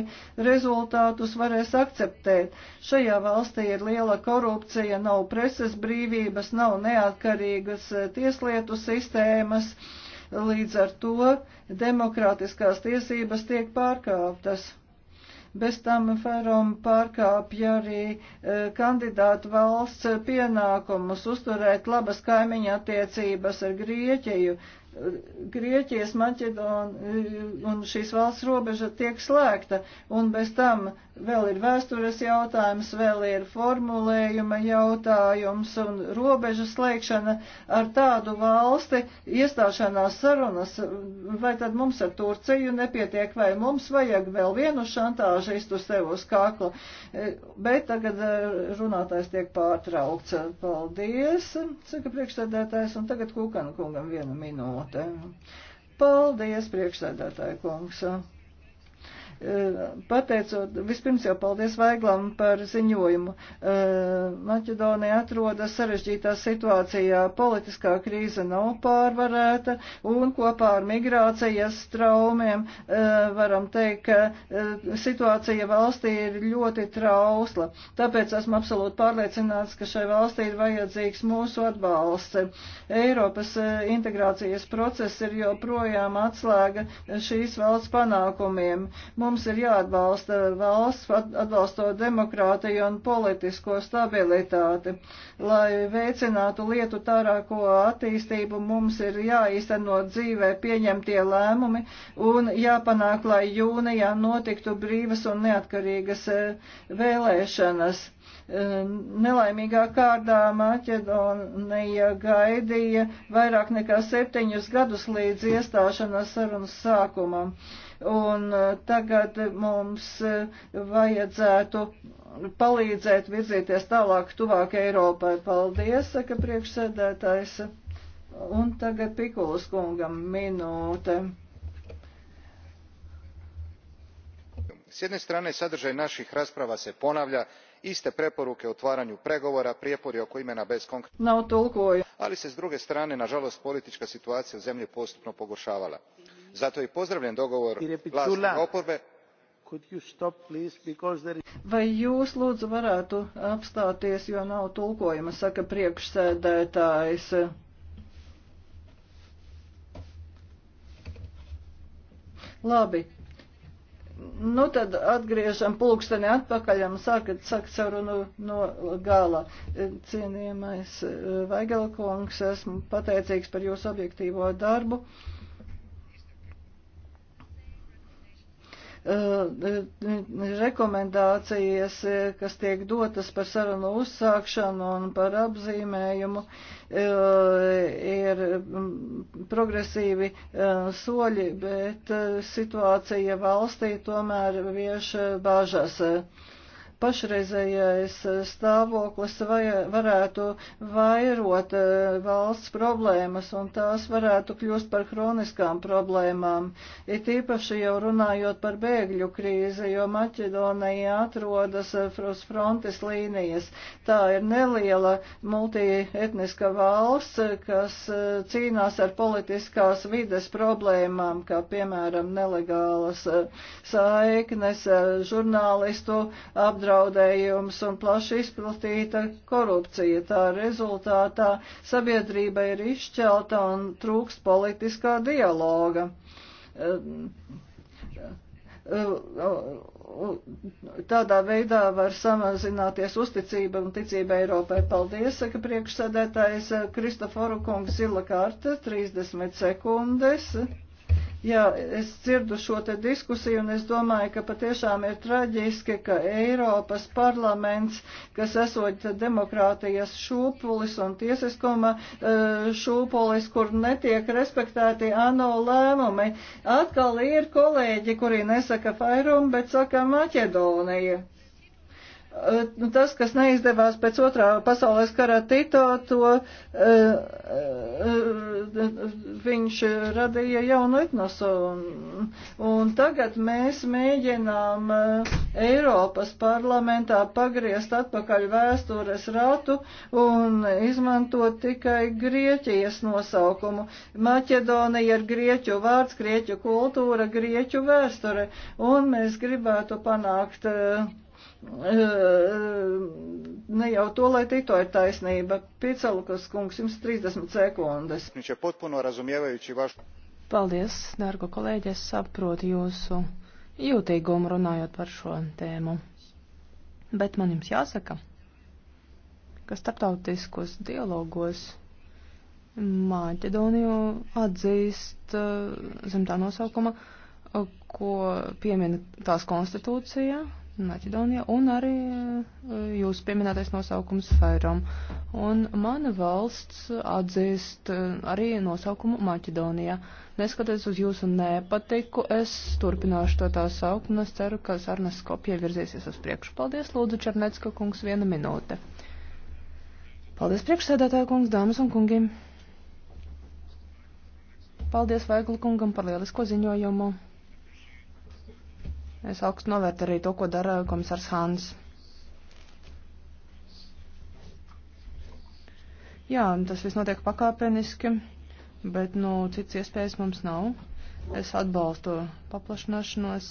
rezultātus varēs akceptēt. Šajā valstī ir liela korupcija, nav preses brīvības, nav neatkarīgas eh, tieslietu sistēmas, līdz ar to demokrātiskās tiesības tiek pārkāptas. Bez tam Ferom pārkāpja arī e, kandidātu valsts pienākumus uzturēt labas kaimiņa attiecības ar Grieķiju. Grieķijas, Maķedona eh, un šīs valsts robeža tiek slēgta, un bez tam vēl ir vēstures jautājums, vēl ir formulējuma jautājums un robeža slēgšana ar tādu valsti iestāšanās sarunas, vai tad mums ar Turciju nepietiek, vai mums vajag vēl vienu šantāžistu sev uz kakla. Eh, bet tagad eh, runātājs tiek pārtraukts. Paldies, saka priekšsēdētājs, un tagad Kūkana kungam vienu minūti minūtēm. Paldies, priekšsēdētāji kungs! Eh, pateicot, vispirms jau paldies Vaiglam par ziņojumu. Eh, Maķedonija atrodas sarežģītā situācijā, politiskā krīze nav pārvarēta un kopā ar migrācijas traumiem eh, varam teikt, ka situācija valstī ir ļoti trausla. Tāpēc esmu absolūti pārliecināts, ka šai valstī ir vajadzīgs mūsu atbalsts. Eiropas integrācijas process ir joprojām atslēga šīs valsts panākumiem. Mums mums ir jāatbalsta valsts, atbalstot demokrātiju un politisko stabilitāti. Lai veicinātu lietu tārāko attīstību, mums ir jāīsteno dzīvē pieņemtie lēmumi un jāpanāk, lai jūnijā notiktu brīvas un neatkarīgas e, vēlēšanas e, nelaimīgā kārdā Maķedonija gaidīja vairāk nekā septiņus gadus līdz iestāšanās sarunas sākumam. Uh, un uh, tagad mums uh, vajadzētu palīdzēt virzīties tālāk tuvāk Eiropai. Paldies, saka priekšsēdētājs. Un tagad Pikulas kungam minūte. S jedne strane sadržaj naših rasprava se ponavlja, iste preporuke o otvaranju pregovora prijepori oko imena bez konkretnih ali se s druge strane nažalost politička situacija u zemlji postupno pogoršavala zato i pozdravljam dogovor vlasti i oporbe Vai jūs lūdzu varētu apstāties, jo nav tulkojuma, saka priekšsēdētājs. Labi. Nu tad atgriežam pulksteni atpakaļ un sākat sakt sarunu no, no gala. Cienījamais eh, Vaigelkungs, esmu pateicīgs par jūsu objektīvo darbu. Uh, uh, rekomendācijas, uh, kas tiek dotas par sarunu uzsākšanu un par apzīmējumu, ir mm, progresīvi soļi, bet situācija valstī tomēr vieš bāžas pašreizējais eh, stāvoklis varētu vairot eh, valsts problēmas un tās varētu kļūst par kroniskām problēmām. Ir tīpaši jau runājot par bēgļu krīzi, jo Maķedonija atrodas eh, uz frontes līnijas. Tā ir neliela multietniska valsts, kas cīnās ar politiskās vides problēmām, kā piemēram nelegālas saiknes, žurnālistu apdraudējumu apdraudējums un plaši izplatīta korupcija. Tā rezultātā sabiedrība ir izšķelta un trūkst politiskā dialoga tādā veidā var samazināties uzticība un ticība Eiropai. Paldies, saka priekšsēdētājs Kristoforu kungs, zila karta, 30 sekundes. Jā, es dzirdu šo te diskusiju un es domāju, ka patiešām ir traģiski, ka Eiropas parlaments, kas esot demokrātijas šūpulis un tiesiskuma e, šūpulis, kur netiek respektēti ANO lēmumi, atkal ir kolēģi, kuri nesaka Fairum, bet saka Maķedonija. Nu, tas, kas neizdevās pēc otrā pasaules kara Tito, to uh, uh, viņš radīja jaunu etnosu. Un, un tagad mēs mēģinām uh, Eiropas parlamentā pagriezt atpakaļ vēstures ratu un izmantot tikai Grieķijas nosaukumu. Maķedonija ir Grieķu vārds, Grieķu kultūra, Grieķu vēsture. Un mēs gribētu panākt uh, ne jau to, lai tikto ir taisnība. Piecalukas kungs, jums 30 sekundes. Paldies, dārgo kolēģi, es saprotu jūsu jūtīgumu runājot par šo tēmu. Bet man jums jāsaka, ka starptautiskos dialogos Maķedoniju atzīst zem tā nosaukuma, ko piemin tās konstitūcija, Maķedonija un arī e, jūsu pieminētais nosaukums Fairam. Un mana valsts atzīst e, arī nosaukumu Maķedonija. Neskatoties uz jūsu nepatiku, es turpināšu to tā saukt un es ceru, ka sarnas kopija virzīsies uz priekšu. Paldies, lūdzu, Černecka kungs, viena minūte. Paldies, priekšsēdētāja kungs, dāmas un kungi. Paldies Vaiglu kungam par lielisko ziņojumu. Es augstu novērtu arī to, ko dara komisārs Hāns. Jā, tas viss notiek pakāpeniski, bet, nu, cits iespējas mums nav. Es atbalstu paplašināšanos.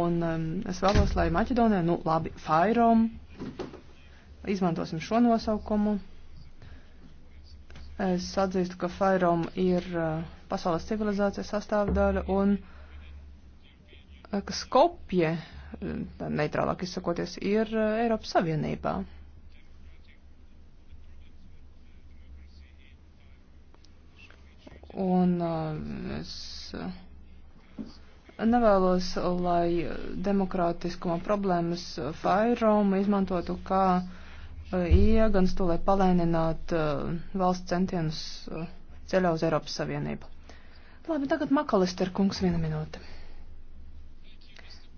Un um, es vēlos, lai Maķedonija, nu, labi, Fairom, izmantosim šo nosaukumu. Es atzīstu, ka Fairom ir uh, pasaules civilizācijas sastāvdaļa un. Uh, Eh, ka Skopje, eh, neitrālāk izsakoties, ir eh, Eiropas Savienībā. Un es nevēlos, lai demokrātiskuma problēmas Fairomu izmantotu kā ieganstu, lai palēninātu valsts centienus ceļā uz Eiropas Savienību. Labi, tagad Makalister kungs viena minūte.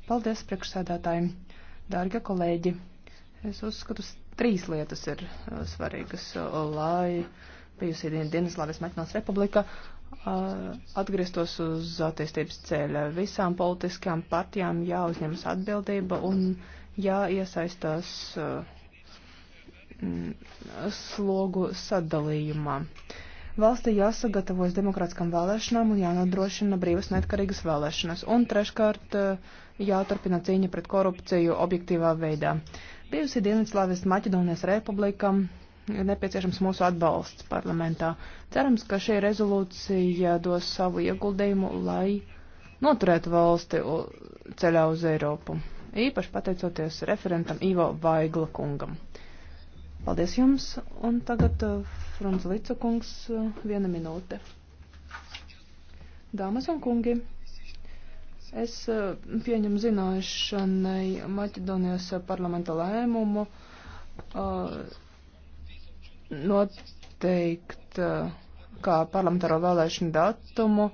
Paldies priekšsēdētājiem, dārgie kolēģi. Es uzskatu, trīs lietas ir uh, svarīgas, uh, lai bijusī Dienaslāvijas Maķinās republika uh, atgrieztos uz attīstības ceļa. Visām politiskajām partijām jāuzņemas atbildība un jāiesaistās mm, slogu sadalījumā. Valstī jāsagatavojas demokrātiskām vēlēšanām un jānodrošina brīvas neatkarīgas vēlēšanas. Un treškārt, uh, jāturpina cīņa pret korupciju objektīvā veidā. Bijusi Dienvidslāvijas Maķedonijas republika ir nepieciešams mūsu atbalsts parlamentā. Cerams, ka šī rezolūcija dos savu ieguldījumu, lai noturētu valsti ceļā uz Eiropu. Īpaši pateicoties referentam Ivo Vaigla kungam. Paldies jums, un tagad uh, Frunz Lica kungs uh, viena minūte. Dāmas un kungi! Es eh, pieņemu zināšanai Maķedonijas parlamenta lēmumu eh, noteikt eh, kā parlamentāro vēlēšanu datumu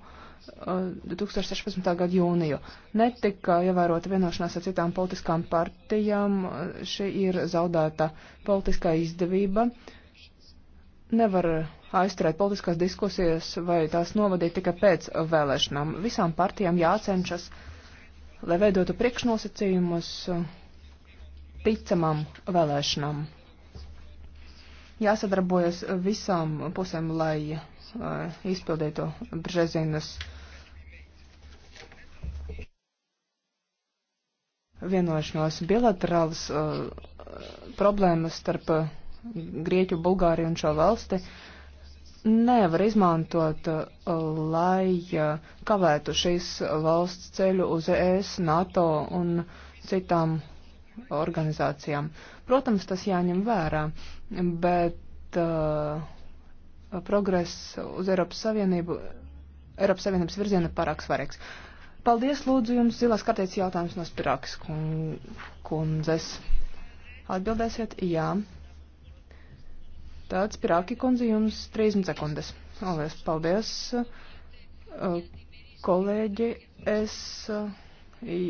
2016. gada jūniju. Netika ievērota vienošanās ar citām politiskām partijām. Šī ir zaudēta politiskā izdevība. Uh, nevar aizturēt politiskās diskusijas vai tās novadīt tikai pēc vēlēšanām. Visām partijām jācenšas, lai veidotu priekšnosacījumus ticamām vēlēšanām. Jāsadarbojas visām pusēm, lai uh, izpildītu Brzezinas vienošanos bilaterālas uh, eh, problēmas starp uh, Grieķu, Bulgāriju un šo valsti nevar izmantot, lai kavētu šīs valsts ceļu uz ES, NATO un citām organizācijām. Protams, tas jāņem vērā, bet uh, progress uz Eiropas Savienību, Eiropas Savienības virziena ir pārāk svarīgs. Paldies, lūdzu, jums zilās kartēts jautājums no Spirākas kundzes. Atbildēsiet? Jā. Tāds pirāki kundze jums 30 sekundes. Lielas paldies, uh, kolēģi. Es, uh,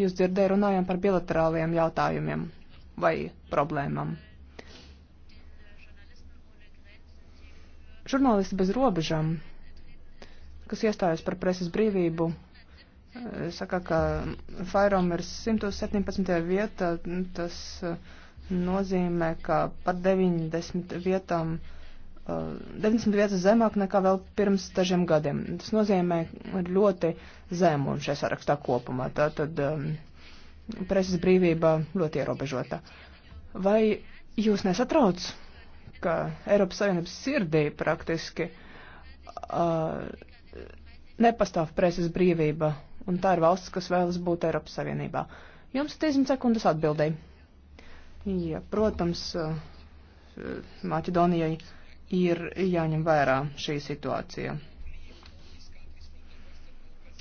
jūs dzirdēju, runājam par bilaterāliem jautājumiem vai problēmām. Žurnālisti bez robežām, kas iestājas par preses brīvību, eh, saka, ka Fairom ir 117. vieta, tas uh, nozīmē, ka par 90 vietām, 90 uh, vietas zemāk nekā vēl pirms dažiem gadiem. Tas nozīmē ļoti zemu un šajā sarakstā kopumā. Tātad um, preses brīvība ļoti ierobežota. Vai jūs nesatrauc, ka Eiropas Savienības sirdī praktiski uh, nepastāv preses brīvība, un tā ir valsts, kas vēlas būt Eiropas Savienībā? Jums ir 30 sekundes atbildēji. Ja, protams, eh, Maķedonijai ir jāņem vērā šī situācija.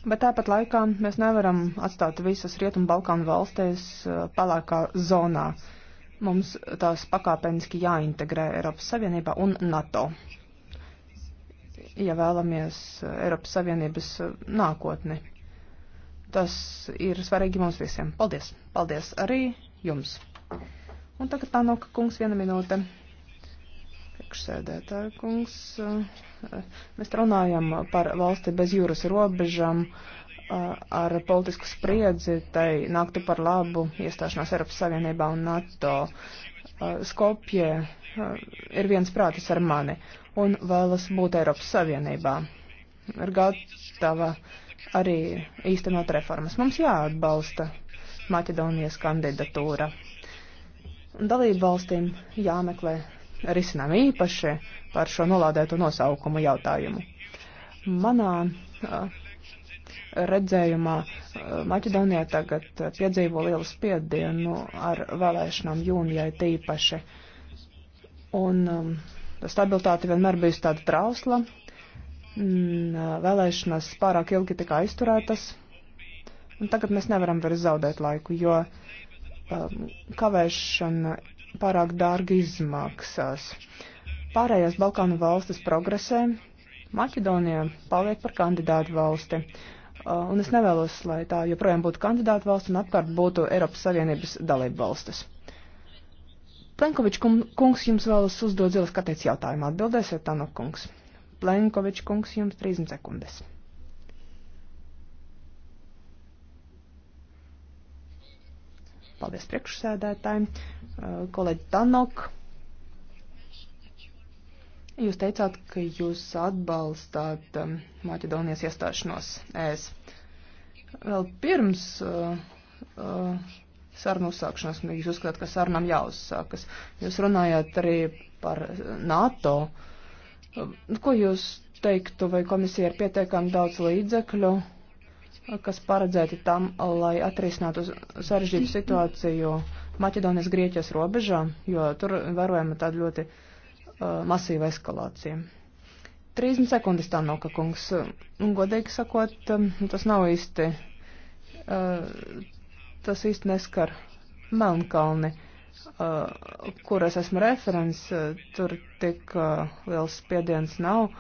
Bet tāpat laikā mēs nevaram atstāt visas Rietumu Balkānu valstīs eh, pelēkā zonā. Mums tās pakāpeniski jāintegrē Eiropas Savienībā un NATO. Ja vēlamies eh, Eiropas Savienības nākotni, tas ir svarīgi mums visiem. Paldies! Paldies arī jums! Un tagad Tanoka kungs viena minūte. Priekšsēdētāja kungs, eh, mēs runājam par valsti bez jūras robežām, eh, ar politisku spriedzi, tai nāktu par labu iestāšanās Eiropas Savienībā un NATO. Eh, Skopje ir viens prātis ar mani un vēlas būt Eiropas Savienībā. Ir gatava arī īstenot reformas. Mums jāatbalsta Maķedonijas kandidatūra Dalību valstīm jāmeklē risinājumi īpaši par šo nolādēto nosaukumu jautājumu. Manā uh, redzējumā Maķedonija tagad piedzīvo lielu spiedienu ar vēlēšanām jūnijai tīpaši. Un um, stabilitāte vienmēr bijusi tāda trausla, mm, vēlēšanas pārāk ilgi tika aizturētas, un tagad mēs nevaram vairs zaudēt laiku, jo uh, Um, kavēšana pārāk dārgi izmaksās. Pārējās Balkānu valstis progresē, Maķedonija paliek par kandidātu valsti. Uh, un es nevēlos, lai tā joprojām būtu kandidātu valsts un apkārt būtu Eiropas Savienības dalība valstis. Plenkovičs kungs jums vēlas uzdot zilas katēts jautājumu. Atbildēsiet, Tanok kungs. Plenkovičs kungs jums 30 sekundes. Paldies priekšsēdētājiem. Uh, kolēģi Tanok, jūs teicāt, ka jūs atbalstāt um, Maķedonijas iestāšanos ES. Vēl pirms uh, uh, sarunu uzsākšanas, nu, jūs uzskatāt, ka sarunām jāuzsākas. Jūs runājāt arī par NATO. Uh, ko jūs teiktu, vai komisija ir pietiekami daudz līdzekļu? kas paredzēti tam, lai atrisinātu sarežģītu situāciju Maķedonijas Grieķijas robežā, jo tur vērojama tāda ļoti uh, masīva eskalācija. 30 sekundes tā nav, ka kungs, nu, godīgi sakot, um, tas nav īsti, uh, tas īsti neskar Melnkalni, uh, kur es esmu referents, uh, tur tik uh, liels spiediens nav.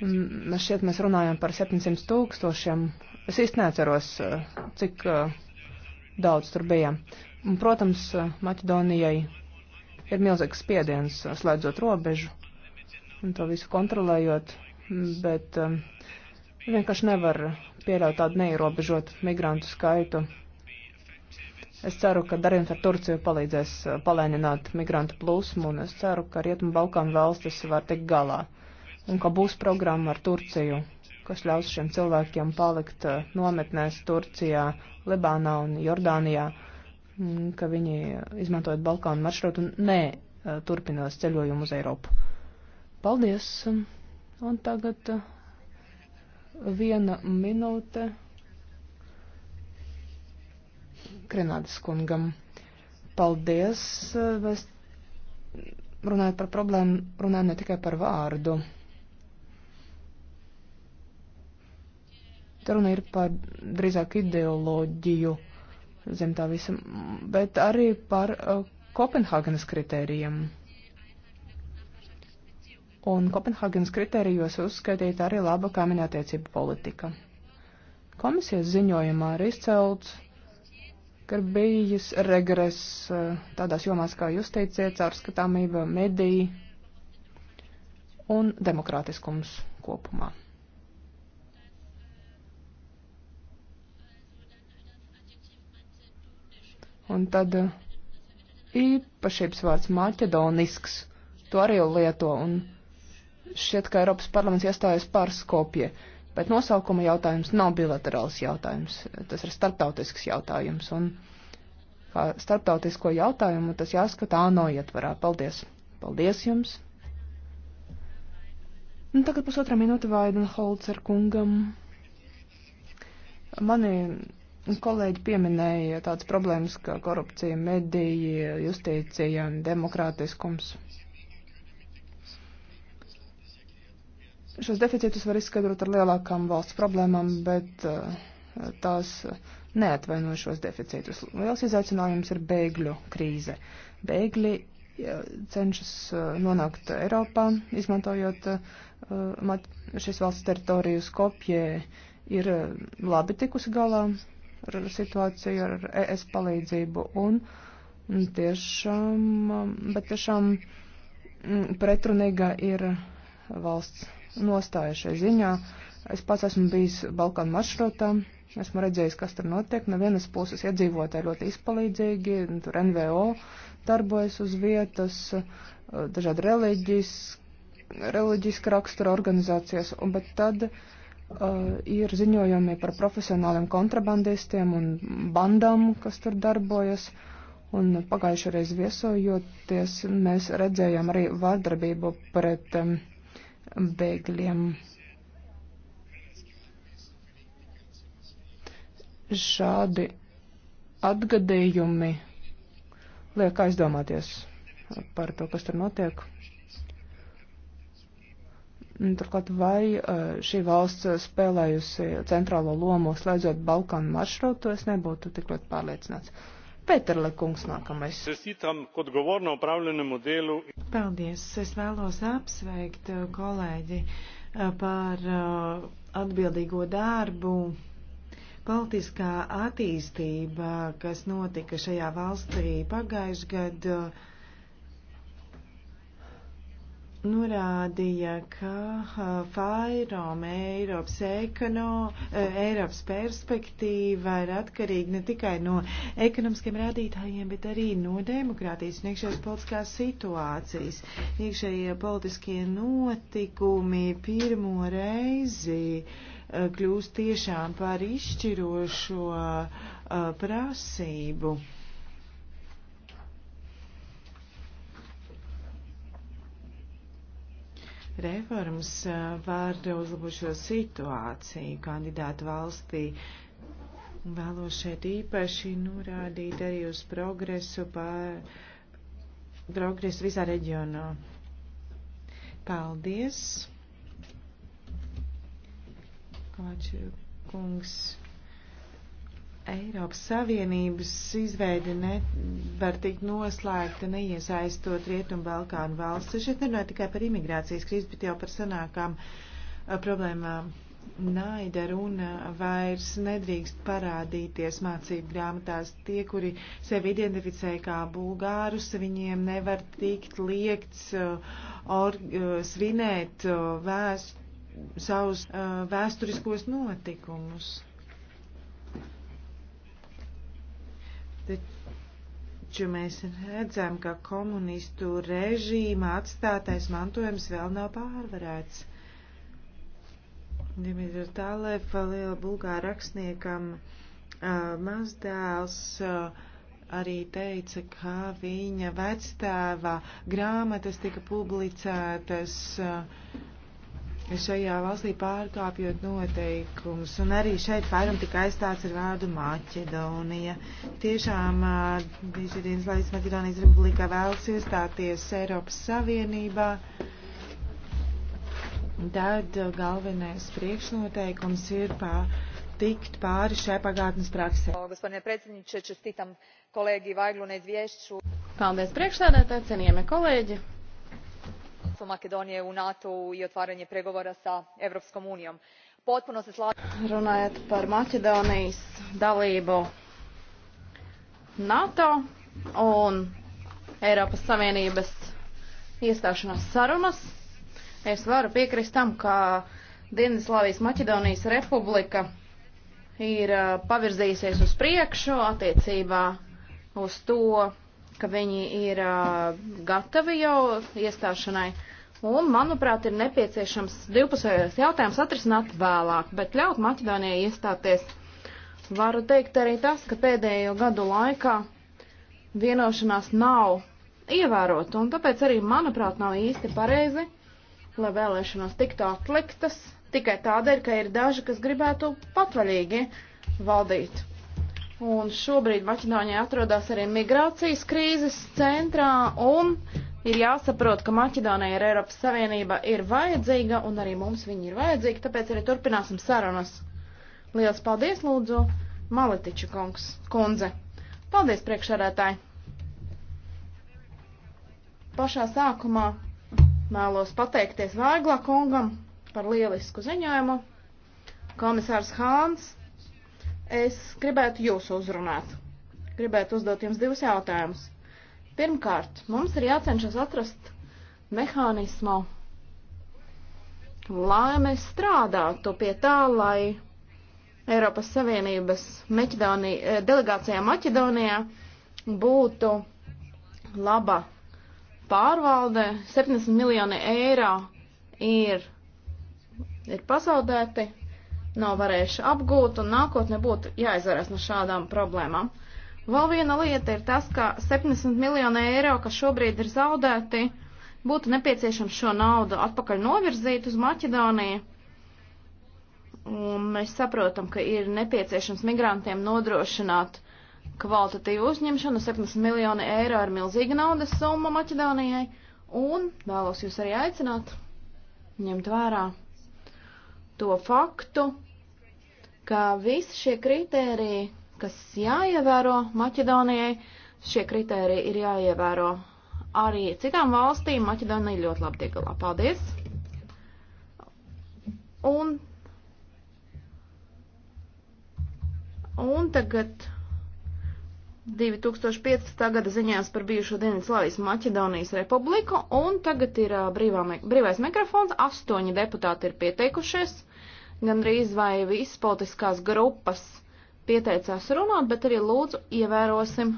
Mēs šeit mēs runājam par 700 tūkstošiem Es īsti neatceros, eh, cik eh, daudz tur bija. Un, protams, eh, Maķedonijai ir milzīgs spiediens slēdzot robežu un to visu kontrolējot, bet um, vienkārši nevar pieļaut tādu neierobežotu migrantu skaitu. Es ceru, ka darījums ar Turciju palīdzēs palēnināt migrantu plūsmu, un es ceru, ka Rietumu Balkānu valstis var tikt galā, un ka būs programma ar Turciju kas ļaus šiem cilvēkiem palikt eh, nometnēs Turcijā, Libānā un Jordānijā, mm, ka viņi, izmantojot Balkānu maršrutu, nē, eh, turpinās ceļojumu uz Eiropu. Paldies! Un tagad eh, viena minūte Grenādas kungam. Paldies! Mēs runājot par problēmu, runājam ne tikai par vārdu Te runa ir par drīzāk ideoloģiju zem tā visa, bet arī par uh, Kopenhāgenes kritērijiem. Un Kopenhāgenes kritērijos uzskaitīta arī laba kaimiņa attiecība politika. Komisijas ziņojumā arī izcelts, ka ir bijis regress uh, tādās jomās kā jūs teiciet, ārskatāmība, mediji un demokrātiskums kopumā. Un tad uh, īpašības vārds maķedonisks, to arī lieto, un šķiet, ka Eiropas parlaments iestājas par Skopje, bet nosaukuma jautājums nav bilaterāls jautājums, tas ir starptautisks jautājums, un kā starptautisko jautājumu tas jāskatā ANO ietvarā. Paldies! Paldies jums! Nu, tagad pusotra minūte Vaidenholzer kungam. Mani Kolēģi pieminēja tādas problēmas kā korupcija, medija, justīcija un demokrātiskums. Šos deficītus var izskaidrot ar lielākām valsts problēmām, bet eh, tās neatvaino šos deficītus. Liels izaicinājums ir bēgļu krīze. Bēgļi cenšas eh, nonākt Eiropā, izmantojot eh, šīs valsts teritorijas kopjē, ir labi tikusi galā situāciju ar ES palīdzību. Un tiešām, bet tiešām mm, pretrunīga ir valsts nostāja šai ziņā. Es pats esmu bijis Balkānu maršrutā, esmu redzējis, kas tur notiek. No vienas puses iedzīvotāji ļoti izpalīdzīgi, tur NVO darbojas uz vietas, dažādi reliģiski reliģiska rakstura organizācijas, un, bet tad Eh, ir ziņojumi par profesionāliem kontrabandistiem un bandām, kas tur darbojas. Un pagājušajā reizē viesojoties, mēs redzējām arī vārdarbību pret um, bēgļiem. Šādi atgadījumi liek aizdomāties par to, kas tur notiek. Turklāt, vai eh, šī valsts spēlējusi centrālo lomu slēdzot Balkānu maršrutu, es nebūtu tik ļoti pārliecināts. Pēterle kungs nākamais. Paldies. Es vēlos apsveikt eh, kolēģi eh, par atbildīgo darbu. Politiskā attīstība, kas notika šajā valstī pagājušajā gadā, norādīja, ka Fairom Eiropas ekono, e, Eiropas perspektīva ir atkarīga ne tikai no ekonomiskiem rādītājiem, bet arī no demokrātijas un iekšējās politiskās situācijas. Iekšējie politiskie notikumi pirmo reizi e, kļūst tiešām par izšķirošo e, prasību. reformas var uzlabot šo situāciju kandidātu valstī. Vēlos šeit īpaši norādīt arī uz progresu, pār, progresu visā reģionā. Paldies! Kovaču kungs. Eiropas Savienības izveide nevar tikt noslēgta, neiesaistot Rietumu Balkānu valsts. Šeit nerunāja tikai par imigrācijas krīzi, bet jau par sanākām problēmām. Naida runa vairs nedrīkst parādīties mācību grāmatās. Tie, kuri sevi identificē kā bulgārus, viņiem nevar tikt liekts or, svinēt vēst, savus vēsturiskos notikumus. taču mēs redzam, ka komunistu režīma atstātais mantojums vēl nav pārvarēts. Dimitra Tālefa, liela bulgāra rakstniekam, uh, mazdēls uh, arī teica, ka viņa vectēva grāmatas tika publicētas. Uh, šajā valstī pārkāpjot noteikumus, un arī šeit pēram tika aizstāts ar vārdu Maķedonija. Tiešām Dīžģīdīnas Latvijas Maķedonijas Republikā vēlas iestāties Eiropas Savienībā. Tad galvenais priekšnoteikums ir pā, tikt pāri šai pagātnes praksē. Paldies priekšsēdētāji, cienījamie kolēģi! članstvo makedonije u nato u i otvaranje pregovora s europskom unijom. potpuno se slažem. runājot par maķedonijas dalību nato un Eiropas Savienības iestāšanās sarunas, es varu piekrist tam, ka Dienvidslāvijas Maķedonijas republika ir pavirzījusies uz priekšu attiecībā uz to, ka viņi ir gatavi jau iestāšanai. Un, manuprāt, ir nepieciešams divpusējos jautājumus atrisināt vēlāk, bet ļaut Maķedonijai iestāties. Varu teikt arī tas, ka pēdējo gadu laikā vienošanās nav ievērota, un tāpēc arī, manuprāt, nav īsti pareizi, lai vēlēšanās tiktu atliktas tikai tādēļ, ka ir daži, kas gribētu patvaļīgi valdīt. Un šobrīd Maķedonija atrodas arī migrācijas krīzes centrā un ir jāsaprot, ka Maķedonija ir Eiropas Savienība ir vajadzīga un arī mums viņi ir vajadzīgi, tāpēc arī turpināsim sarunas. Lielas paldies, lūdzu, Maletiču kungs, kundze. Paldies, priekšsarētāji. Pašā sākumā vēlos pateikties Vāglā kungam par lielisku ziņojumu. Komisārs Hāns Es gribētu jūs uzrunāt. Gribētu uzdot jums divus jautājumus. Pirmkārt, mums ir jācenšas atrast mehānismu, lai mēs strādātu pie tā, lai Eiropas Savienības Maķedonī, eh, delegācijā Maķedonijā būtu laba pārvalde. 70 miljoni eiro ir, ir pazaudēti nav varējuši apgūt, un nākotnē būtu jāizvaras no šādām problēmām. Vēl viena lieta ir tas, ka 70 miljoni eiro, kas šobrīd ir zaudēti, būtu nepieciešams šo naudu atpakaļ novirzīt uz Maķedoniju. Un mēs saprotam, ka ir nepieciešams migrantiem nodrošināt kvalitatīvu uzņemšanu. 70 miljoni eiro ir milzīga naudas summa Maķedonijai. Un vēlos jūs arī aicināt ņemt vērā to faktu, ka visi šie kritēriji, kas jāievēro Maķedonijai, šie kritēriji ir jāievēro arī citām valstīm. Maķedonija ļoti labi tiek galā. Paldies! Un, un tagad. 2015. gada ziņās par bijušo Dienvidslāvijas Maķedonijas republiku, un tagad ir brīvā, brīvais mikrofons, astoņi deputāti ir pieteikušies, gandrīz vai visas politiskās grupas pieteicās runāt, bet arī lūdzu ievērosim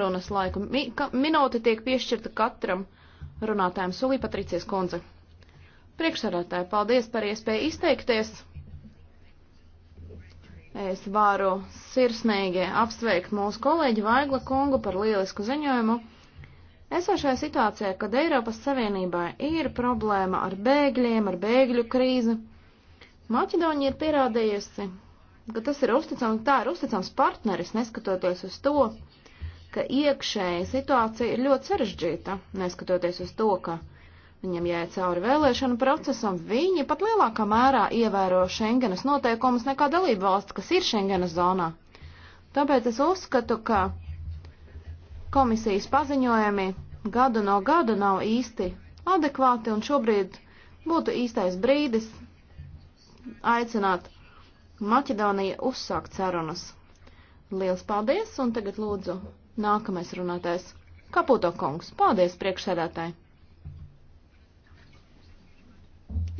runas laiku. Mi, ka, minūte tiek piešķirta katram runātājam Sulī Patricijas kundze. Priekšsarātāji, paldies par iespēju izteikties! Es varu sirsnīgi apsveikt mūsu kolēģi Vaigla kungu par lielisku ziņojumu. Esošajā situācijā, kad Eiropas Savienībā ir problēma ar bēgļiem, ar bēgļu krīzi, Maķedonija ir pierādījusi, ka tas ir uzticams, tā ir uzticams partneris, neskatoties uz to, ka iekšēja situācija ir ļoti sarežģīta, neskatoties uz to, ka Viņam jāiet cauri vēlēšanu procesam, viņi pat lielākā mērā ievēro Schengenas noteikumus nekā dalība valsts, kas ir Schengenas zonā. Tāpēc es uzskatu, ka komisijas paziņojumi gadu no gada nav īsti adekvāti un šobrīd būtu īstais brīdis aicināt Maķedoniju uzsākt sarunas. Liels paldies un tagad lūdzu nākamais runātais Kaputo kungs. Paldies priekšsēdētāji!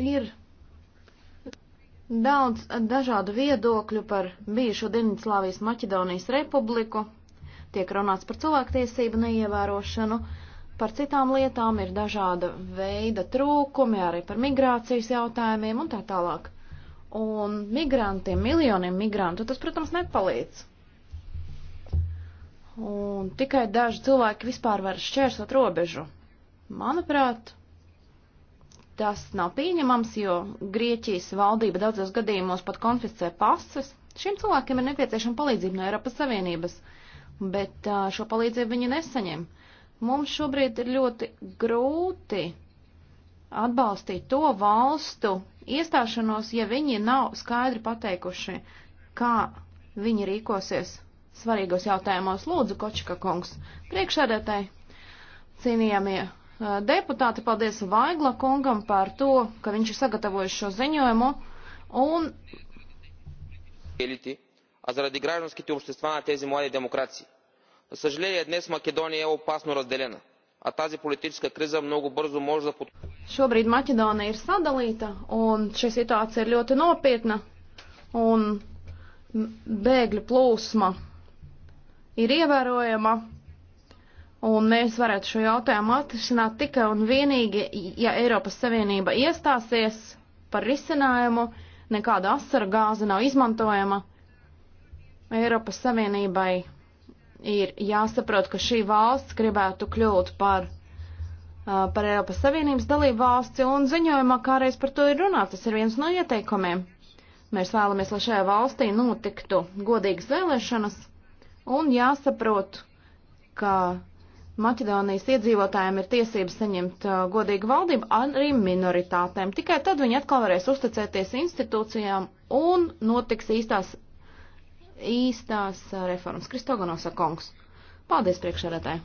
Ir daudz dažādu viedokļu par bijušo Dienvidslāvijas Maķedonijas republiku, tiek runāts par cilvēktiesību neievērošanu, par citām lietām ir dažāda veida trūkumi, arī par migrācijas jautājumiem un tā tālāk. Un migrantiem, miljoniem migrantu tas, protams, nepalīdz. Un tikai daži cilvēki vispār var šķērsot robežu. Manuprāt, Tas nav pieņemams, jo Grieķijas valdība daudzos gadījumos pat konfiscē pases. Šiem cilvēkiem ir nepieciešama palīdzība no Eiropas Savienības, bet šo palīdzību viņi nesaņem. Mums šobrīd ir ļoti grūti atbalstīt to valstu iestāšanos, ja viņi nav skaidri pateikuši, kā viņi rīkosies svarīgos jautājumos. Lūdzu, Kočika kungs, priekšsēdētāji, cienījamie deputāti, paldies Vaigla kungam par to, ka viņš ir sagatavojis šo ziņojumu. Un... а заради гражданските общества на тези млади демокрации. За съжаление, днес Македония е опасно разделена, а тази политическа криза много бързо може да под... Šobrīd Maķedonija ir sadalīta, un šī situācija ir ļoti nopietna, un bēgļu plūsma ir ievērojama. Un mēs varētu šo jautājumu atrisināt tikai un vienīgi, ja Eiropas Savienība iestāsies par risinājumu, nekāda asara gāze nav izmantojama. Eiropas Savienībai ir jāsaprot, ka šī valsts gribētu kļūt par, uh, par Eiropas Savienības dalību valsti, un ziņojumā kāreiz par to ir runāts. Tas ir viens no ieteikumiem. Mēs vēlamies, lai šajā valstī notiktu godīgas vēlēšanas, un jāsaprot, ka Maķedonijas iedzīvotājiem ir tiesības saņemt uh, godīgu valdību arī minoritātēm. Tikai tad viņi atkal varēs uzticēties institūcijām un notiks īstās, īstās uh, reformas. Kristogonosa kungs. Paldies priekšsēdētāji.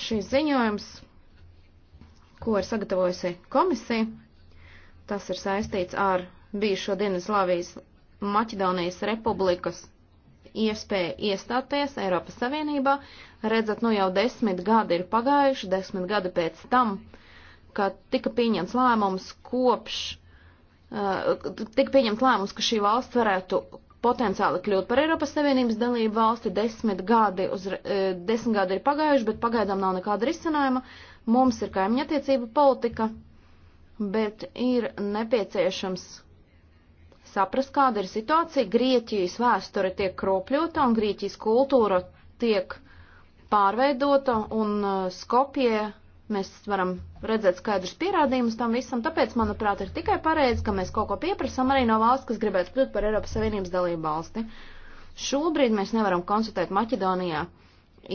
Šis ziņojums, ko ir sagatavojusi komisija, tas ir saistīts ar bijušo Dienvidslāvijas Maķedonijas republikas iespēja iestāties Eiropas Savienībā. Redzat, nu jau desmit gadi ir pagājuši, desmit gadi pēc tam, kad tika pieņemts lēmums kopš, uh, tika pieņemts lēmums, ka šī valsts varētu potenciāli kļūt par Eiropas Savienības dalību valsti. Desmit gadi, uz, uh, desmit gadi ir pagājuši, bet pagaidām nav nekāda risinājuma. Mums ir kaimiņattiecība politika, bet ir nepieciešams saprast, kāda ir situācija. Grieķijas vēsture tiek kropļota un Grieķijas kultūra tiek pārveidota un uh, Skopje mēs varam redzēt skaidrus pierādījumus tam visam. Tāpēc, manuprāt, ir tikai pareizi, ka mēs kaut ko pieprasām arī no valsts, kas gribētu kļūt par Eiropas Savienības dalību valsti. Šobrīd mēs nevaram konstatēt Maķedonijā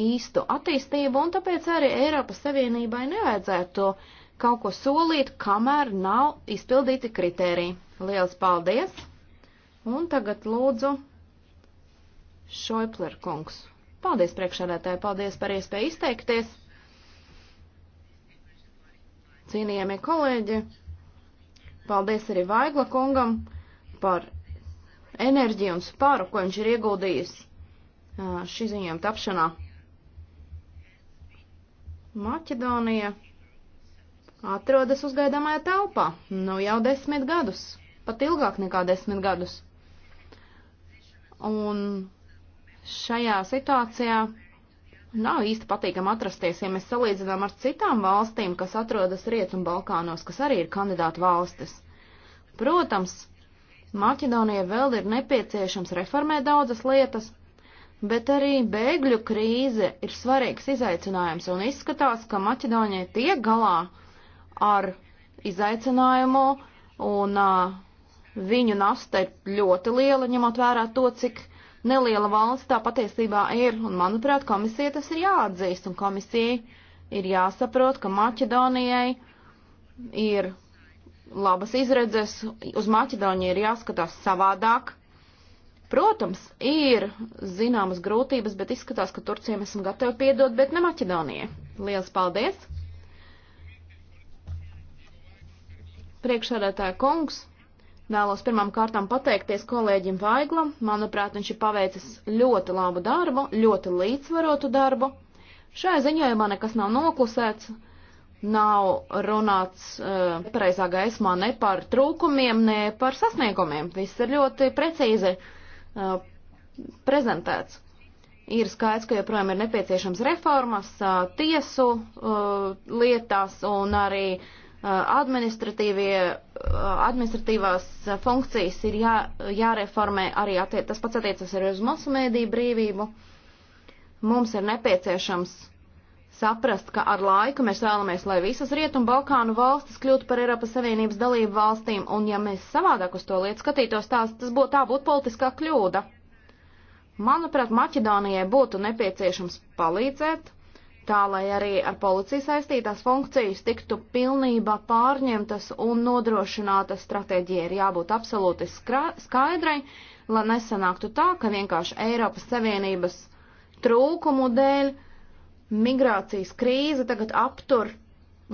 īstu attīstību, un tāpēc arī Eiropas Savienībai nevajadzētu kaut ko solīt, kamēr nav izpildīti kritēriji. Liels paldies! Un tagad lūdzu Šoipler kungs. Paldies priekšsēdētāji, paldies par iespēju izteikties. Cienījamie kolēģi, paldies arī Vaigla kungam par enerģiju un spāru, ko viņš ir ieguldījis šī ziņojuma tapšanā. Maķedonija atrodas uzgaidāmajā telpā nu jau desmit gadus pat ilgāk nekā desmit gadus. Un šajā situācijā nav īsti patīkami atrasties, ja mēs salīdzinām ar citām valstīm, kas atrodas Rietum Balkānos, kas arī ir kandidātu valstis. Protams, Maķedonija vēl ir nepieciešams reformēt daudzas lietas, bet arī bēgļu krīze ir svarīgs izaicinājums un izskatās, ka Maķedonija tiek galā ar izaicinājumu un uh, Viņu nasta ir ļoti liela, ņemot vērā to, cik neliela valsts tā patiesībā ir. Un, manuprāt, komisija tas ir jāatzīst, un komisija ir jāsaprot, ka Maķedonijai ir labas izredzes, uz Maķedoniju ir jāskatās savādāk. Protams, ir zināmas grūtības, bet izskatās, ka Turcijam esam gatavi piedot, bet ne Maķedonijai. Lielas paldies! Priekšsēdētāja kungs! Vēlos pirmām kārtām pateikties kolēģim Vaiglam. Manuprāt, viņš ir paveicis ļoti labu darbu, ļoti līdzsvarotu darbu. Šajā ziņojumā nekas nav noklusēts, nav runāts uh, eh, pareizā gaismā ne par trūkumiem, ne par sasniegumiem. Viss ir ļoti precīzi uh, prezentēts. Ir skaidrs, ka joprojām ir nepieciešams reformas uh, tiesu uh, lietās un arī uh, administratīvās funkcijas ir jā, jāreformē arī attie, tas pats attiecas arī uz masu mēdīju brīvību. Mums ir nepieciešams saprast, ka ar laiku mēs vēlamies, lai visas Rietumu Balkānu valstis kļūtu par Eiropas Savienības dalību valstīm, un ja mēs savādāk uz to lietu skatītos, tās, tas būtu tā būtu politiskā kļūda. Manuprāt, Maķedānijai būtu nepieciešams palīdzēt tā lai arī ar policiju saistītās funkcijas tiktu pilnībā pārņemtas un nodrošināta stratēģija ir jābūt absolūti skaidrai, lai nesanāktu tā, ka vienkārši Eiropas Savienības trūkumu dēļ migrācijas krīze tagad aptur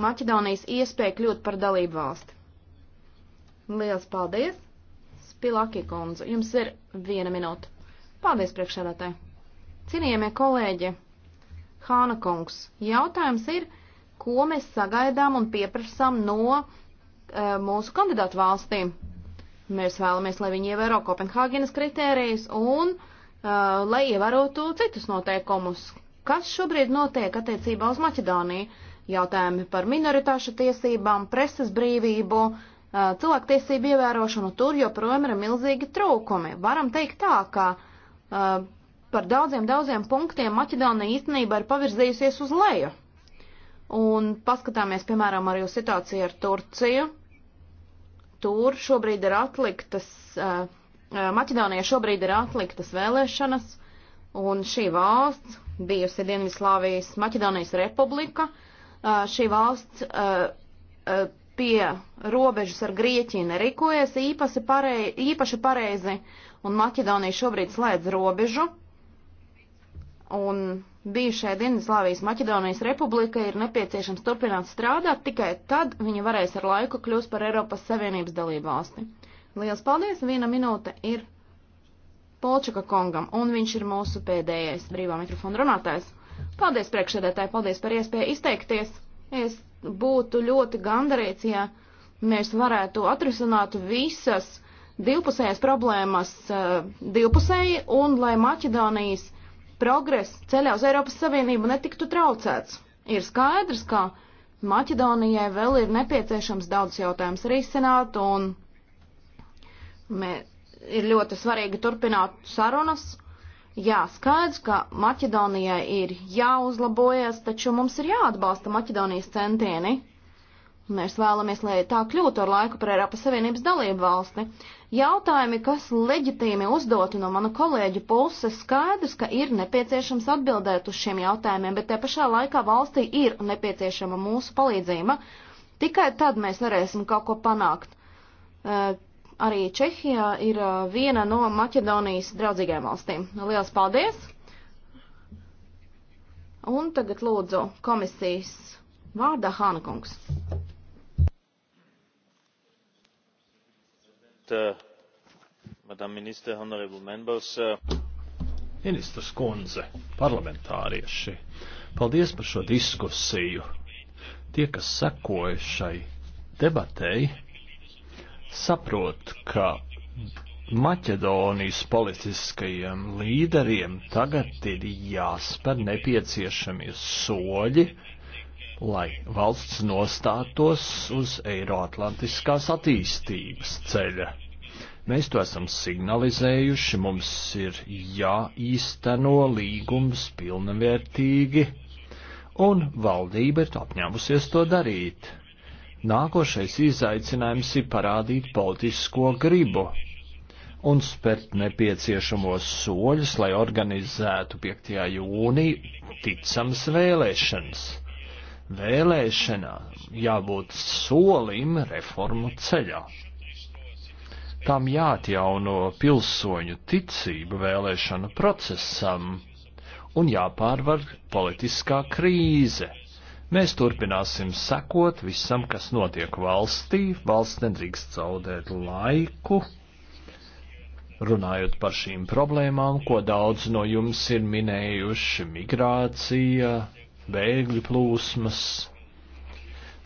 Maķedonijas iespēju kļūt par dalību valsti. Lielas paldies! Spilaki kundze, jums ir viena minūte. Paldies priekšsēdētāji! Cienījamie kolēģi! Hāna kungs, jautājums ir, ko mēs sagaidām un pieprasām no e, mūsu kandidātu valstīm? Mēs vēlamies, lai viņi ievēro Kopenhāgenes kritērijas un e, lai ievērotu citus noteikumus. Kas šobrīd notiek attiecībā uz Maķedoniju? Jautājumi par minoritāšu tiesībām, preses brīvību, e, cilvēktiesību ievērošanu tur joprojām ir milzīgi trūkumi. Varam teikt tā, ka par daudziem, daudziem punktiem Maķedonija īstenībā ir pavirzījusies uz leju. Un paskatāmies, piemēram, arī uz situāciju ar Turciju. Tur šobrīd ir atliktas, uh, Maķedonija šobrīd ir atliktas vēlēšanas, un šī valsts, bijusi Dienvidslāvijas Maķedonijas republika, uh, šī valsts uh, uh, pie robežas ar Grieķiju nerīkojas īpaši, parei, īpaši pareizi, un Maķedonija šobrīd slēdz robežu un bijušai Dienvidslāvijas Maķedonijas republikai ir nepieciešams turpināt strādāt, tikai tad viņi varēs ar laiku kļūst par Eiropas Savienības dalību valsti. Liels paldies! Viena minūte ir Polčaka kongam, un viņš ir mūsu pēdējais brīvā mikrofona runātājs. Paldies priekšsēdētāji, paldies par iespēju izteikties. Es būtu ļoti gandarīts, ja mēs varētu atrisināt visas divpusējās problēmas uh, divpusēji, un lai Maķedonijas progress ceļā uz Eiropas Savienību netiktu traucēts. Ir skaidrs, ka Maķedonijai vēl ir nepieciešams daudz jautājums risināt, un mē, ir ļoti svarīgi turpināt sarunas. Jā, skaidrs, ka Maķedonijai ir jāuzlabojas, taču mums ir jāatbalsta Maķedonijas centieni. Mēs vēlamies, lai tā kļūtu ar laiku par Eiropas Savienības dalību valsti. Jautājumi, kas leģitīmi uzdoti no mana kolēģa puses, skaidrs, ka ir nepieciešams atbildēt uz šiem jautājumiem, bet te pašā laikā valstī ir nepieciešama mūsu palīdzība. Tikai tad mēs varēsim kaut ko panākt. Arī Čehijā ir viena no Maķedonijas draudzīgajām valstīm. Lielas paldies! Un tagad lūdzu komisijas vārdā Hāna kungs. madam minister honourable members uh, ministrs kundze parlamentārieši paldies par šo diskusiju tie kas sekoja šai debatei saprot ka Maķedonijas politiskajiem līderiem tagad ir jāspēr nepieciešamie soļi, lai valsts nostātos uz Eiroatlantiskās attīstības ceļa. Mēs to esam signalizējuši, mums ir jāīsteno līgums pilnvērtīgi, un valdība ir apņēmusies to darīt. Nākošais izaicinājums ir parādīt politisko gribu un spērt nepieciešamos soļus, lai organizētu 5. jūnija ticams vēlēšanas. Vēlēšanā jābūt solim reformu ceļā. Tam jāatjauno pilsoņu ticība vēlēšanu procesam un jāpārvar politiskā krīze. Mēs turpināsim sekot visam, kas notiek valstī. Valsts nedrīkst zaudēt laiku. Runājot par šīm problēmām, ko daudz no jums ir minējuši - migrācija, bēgļu plūsmas,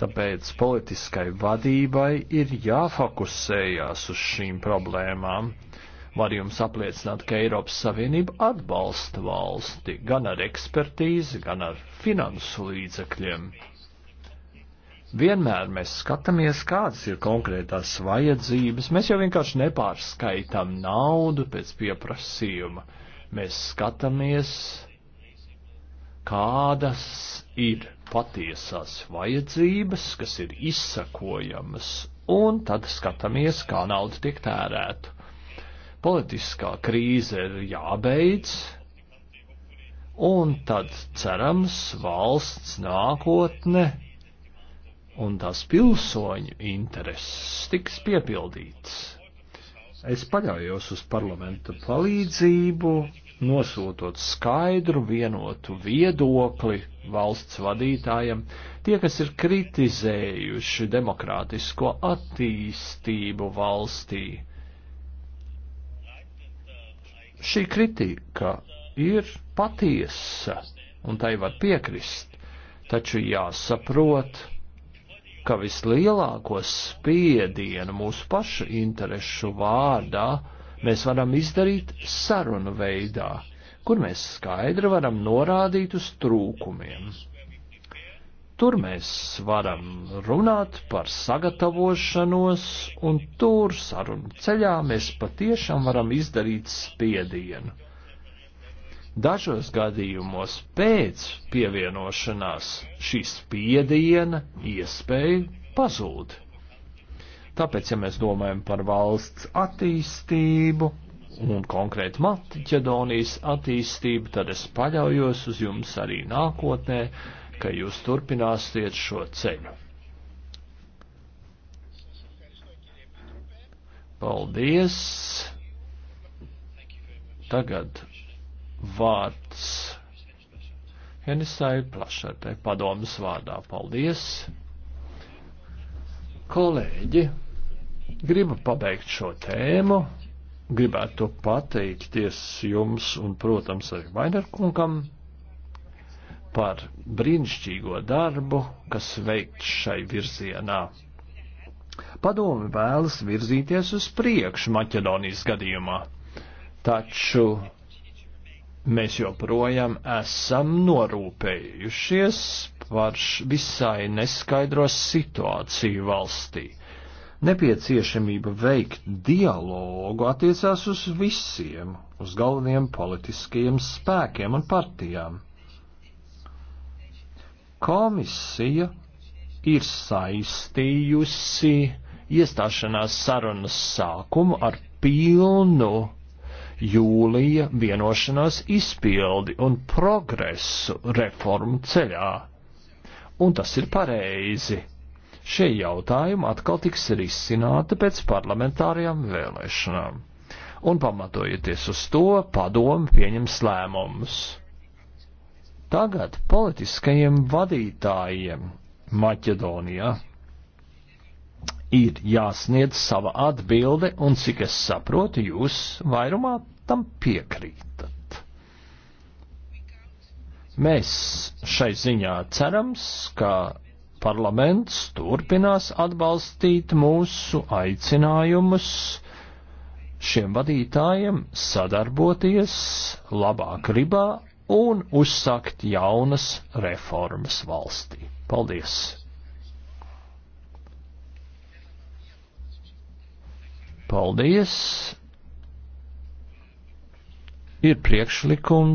Tāpēc politiskai vadībai ir jāfokusējās uz šīm problēmām. Var jums apliecināt, ka Eiropas Savienība atbalsta valsti gan ar ekspertīzi, gan ar finansu līdzekļiem. Vienmēr mēs skatāmies, kādas ir konkrētās vajadzības. Mēs jau vienkārši nepārskaitām naudu pēc pieprasījuma. Mēs skatāmies, kādas ir patiesās vajadzības, kas ir izsakojamas, un tad skatāmies, kā nauda tiek tērēta. Politiskā krīze ir jābeidz, un tad cerams valsts nākotne un tās pilsoņu intereses tiks piepildīts. Es paļaujos uz parlamenta palīdzību, nosūtot skaidru vienotu viedokli valsts vadītājiem, tie, kas ir kritizējuši demokrātisko attīstību valstī. Šī kritika ir patiesa, un tai var piekrist, taču jāsaprot, ka vislielāko spiedienu mūsu pašu interešu vārdā mēs varam izdarīt sarunu veidā, kur mēs skaidri varam norādīt uz trūkumiem. Tur mēs varam runāt par sagatavošanos, un tur sarunu ceļā mēs patiešām varam izdarīt spiedienu. Dažos gadījumos pēc pievienošanās šī spiediena iespēja pazūd. Tāpēc, ja mēs domājam par valsts attīstību un konkrēti Maķedonijas attīstību, tad es paļaujos uz jums arī nākotnē, ka jūs turpināsiet šo ceļu. Paldies! Tagad vārds Henisai plašatai padomas vārdā. Paldies! Kolēģi! Gribu pabeigt šo tēmu, gribētu pateikties jums un, protams, arī Vainerkungam par brīnišķīgo darbu, kas veikts šai virzienā. Padomi vēlas virzīties uz priekšu Maķedonijas gadījumā, taču mēs joprojām esam norūpējušies par visai neskaidro situāciju valstī nepieciešamība veikt dialogu attiecās uz visiem, uz galveniem politiskajiem spēkiem un partijām. Komisija ir saistījusi iestāšanās sarunas sākumu ar pilnu jūlija vienošanās izpildi un progresu reformu ceļā. Un tas ir pareizi Šie jautājumi atkal tiks risināti pēc parlamentārajām vēlēšanām. Un pamatojoties uz to, padomu pieņems lēmumus. Tagad politiskajiem vadītājiem Maķedonijā ir jāsniedz sava atbilde, un cik es saprotu, jūs vairumā tam piekrītat. Mēs šai ziņā cerams, ka Parlaments turpinās atbalstīt mūsu aicinājumus šiem vadītājiem sadarboties labā gribā un uzsākt jaunas reformas valstī. Paldies! Paldies! Ir priekšlikums.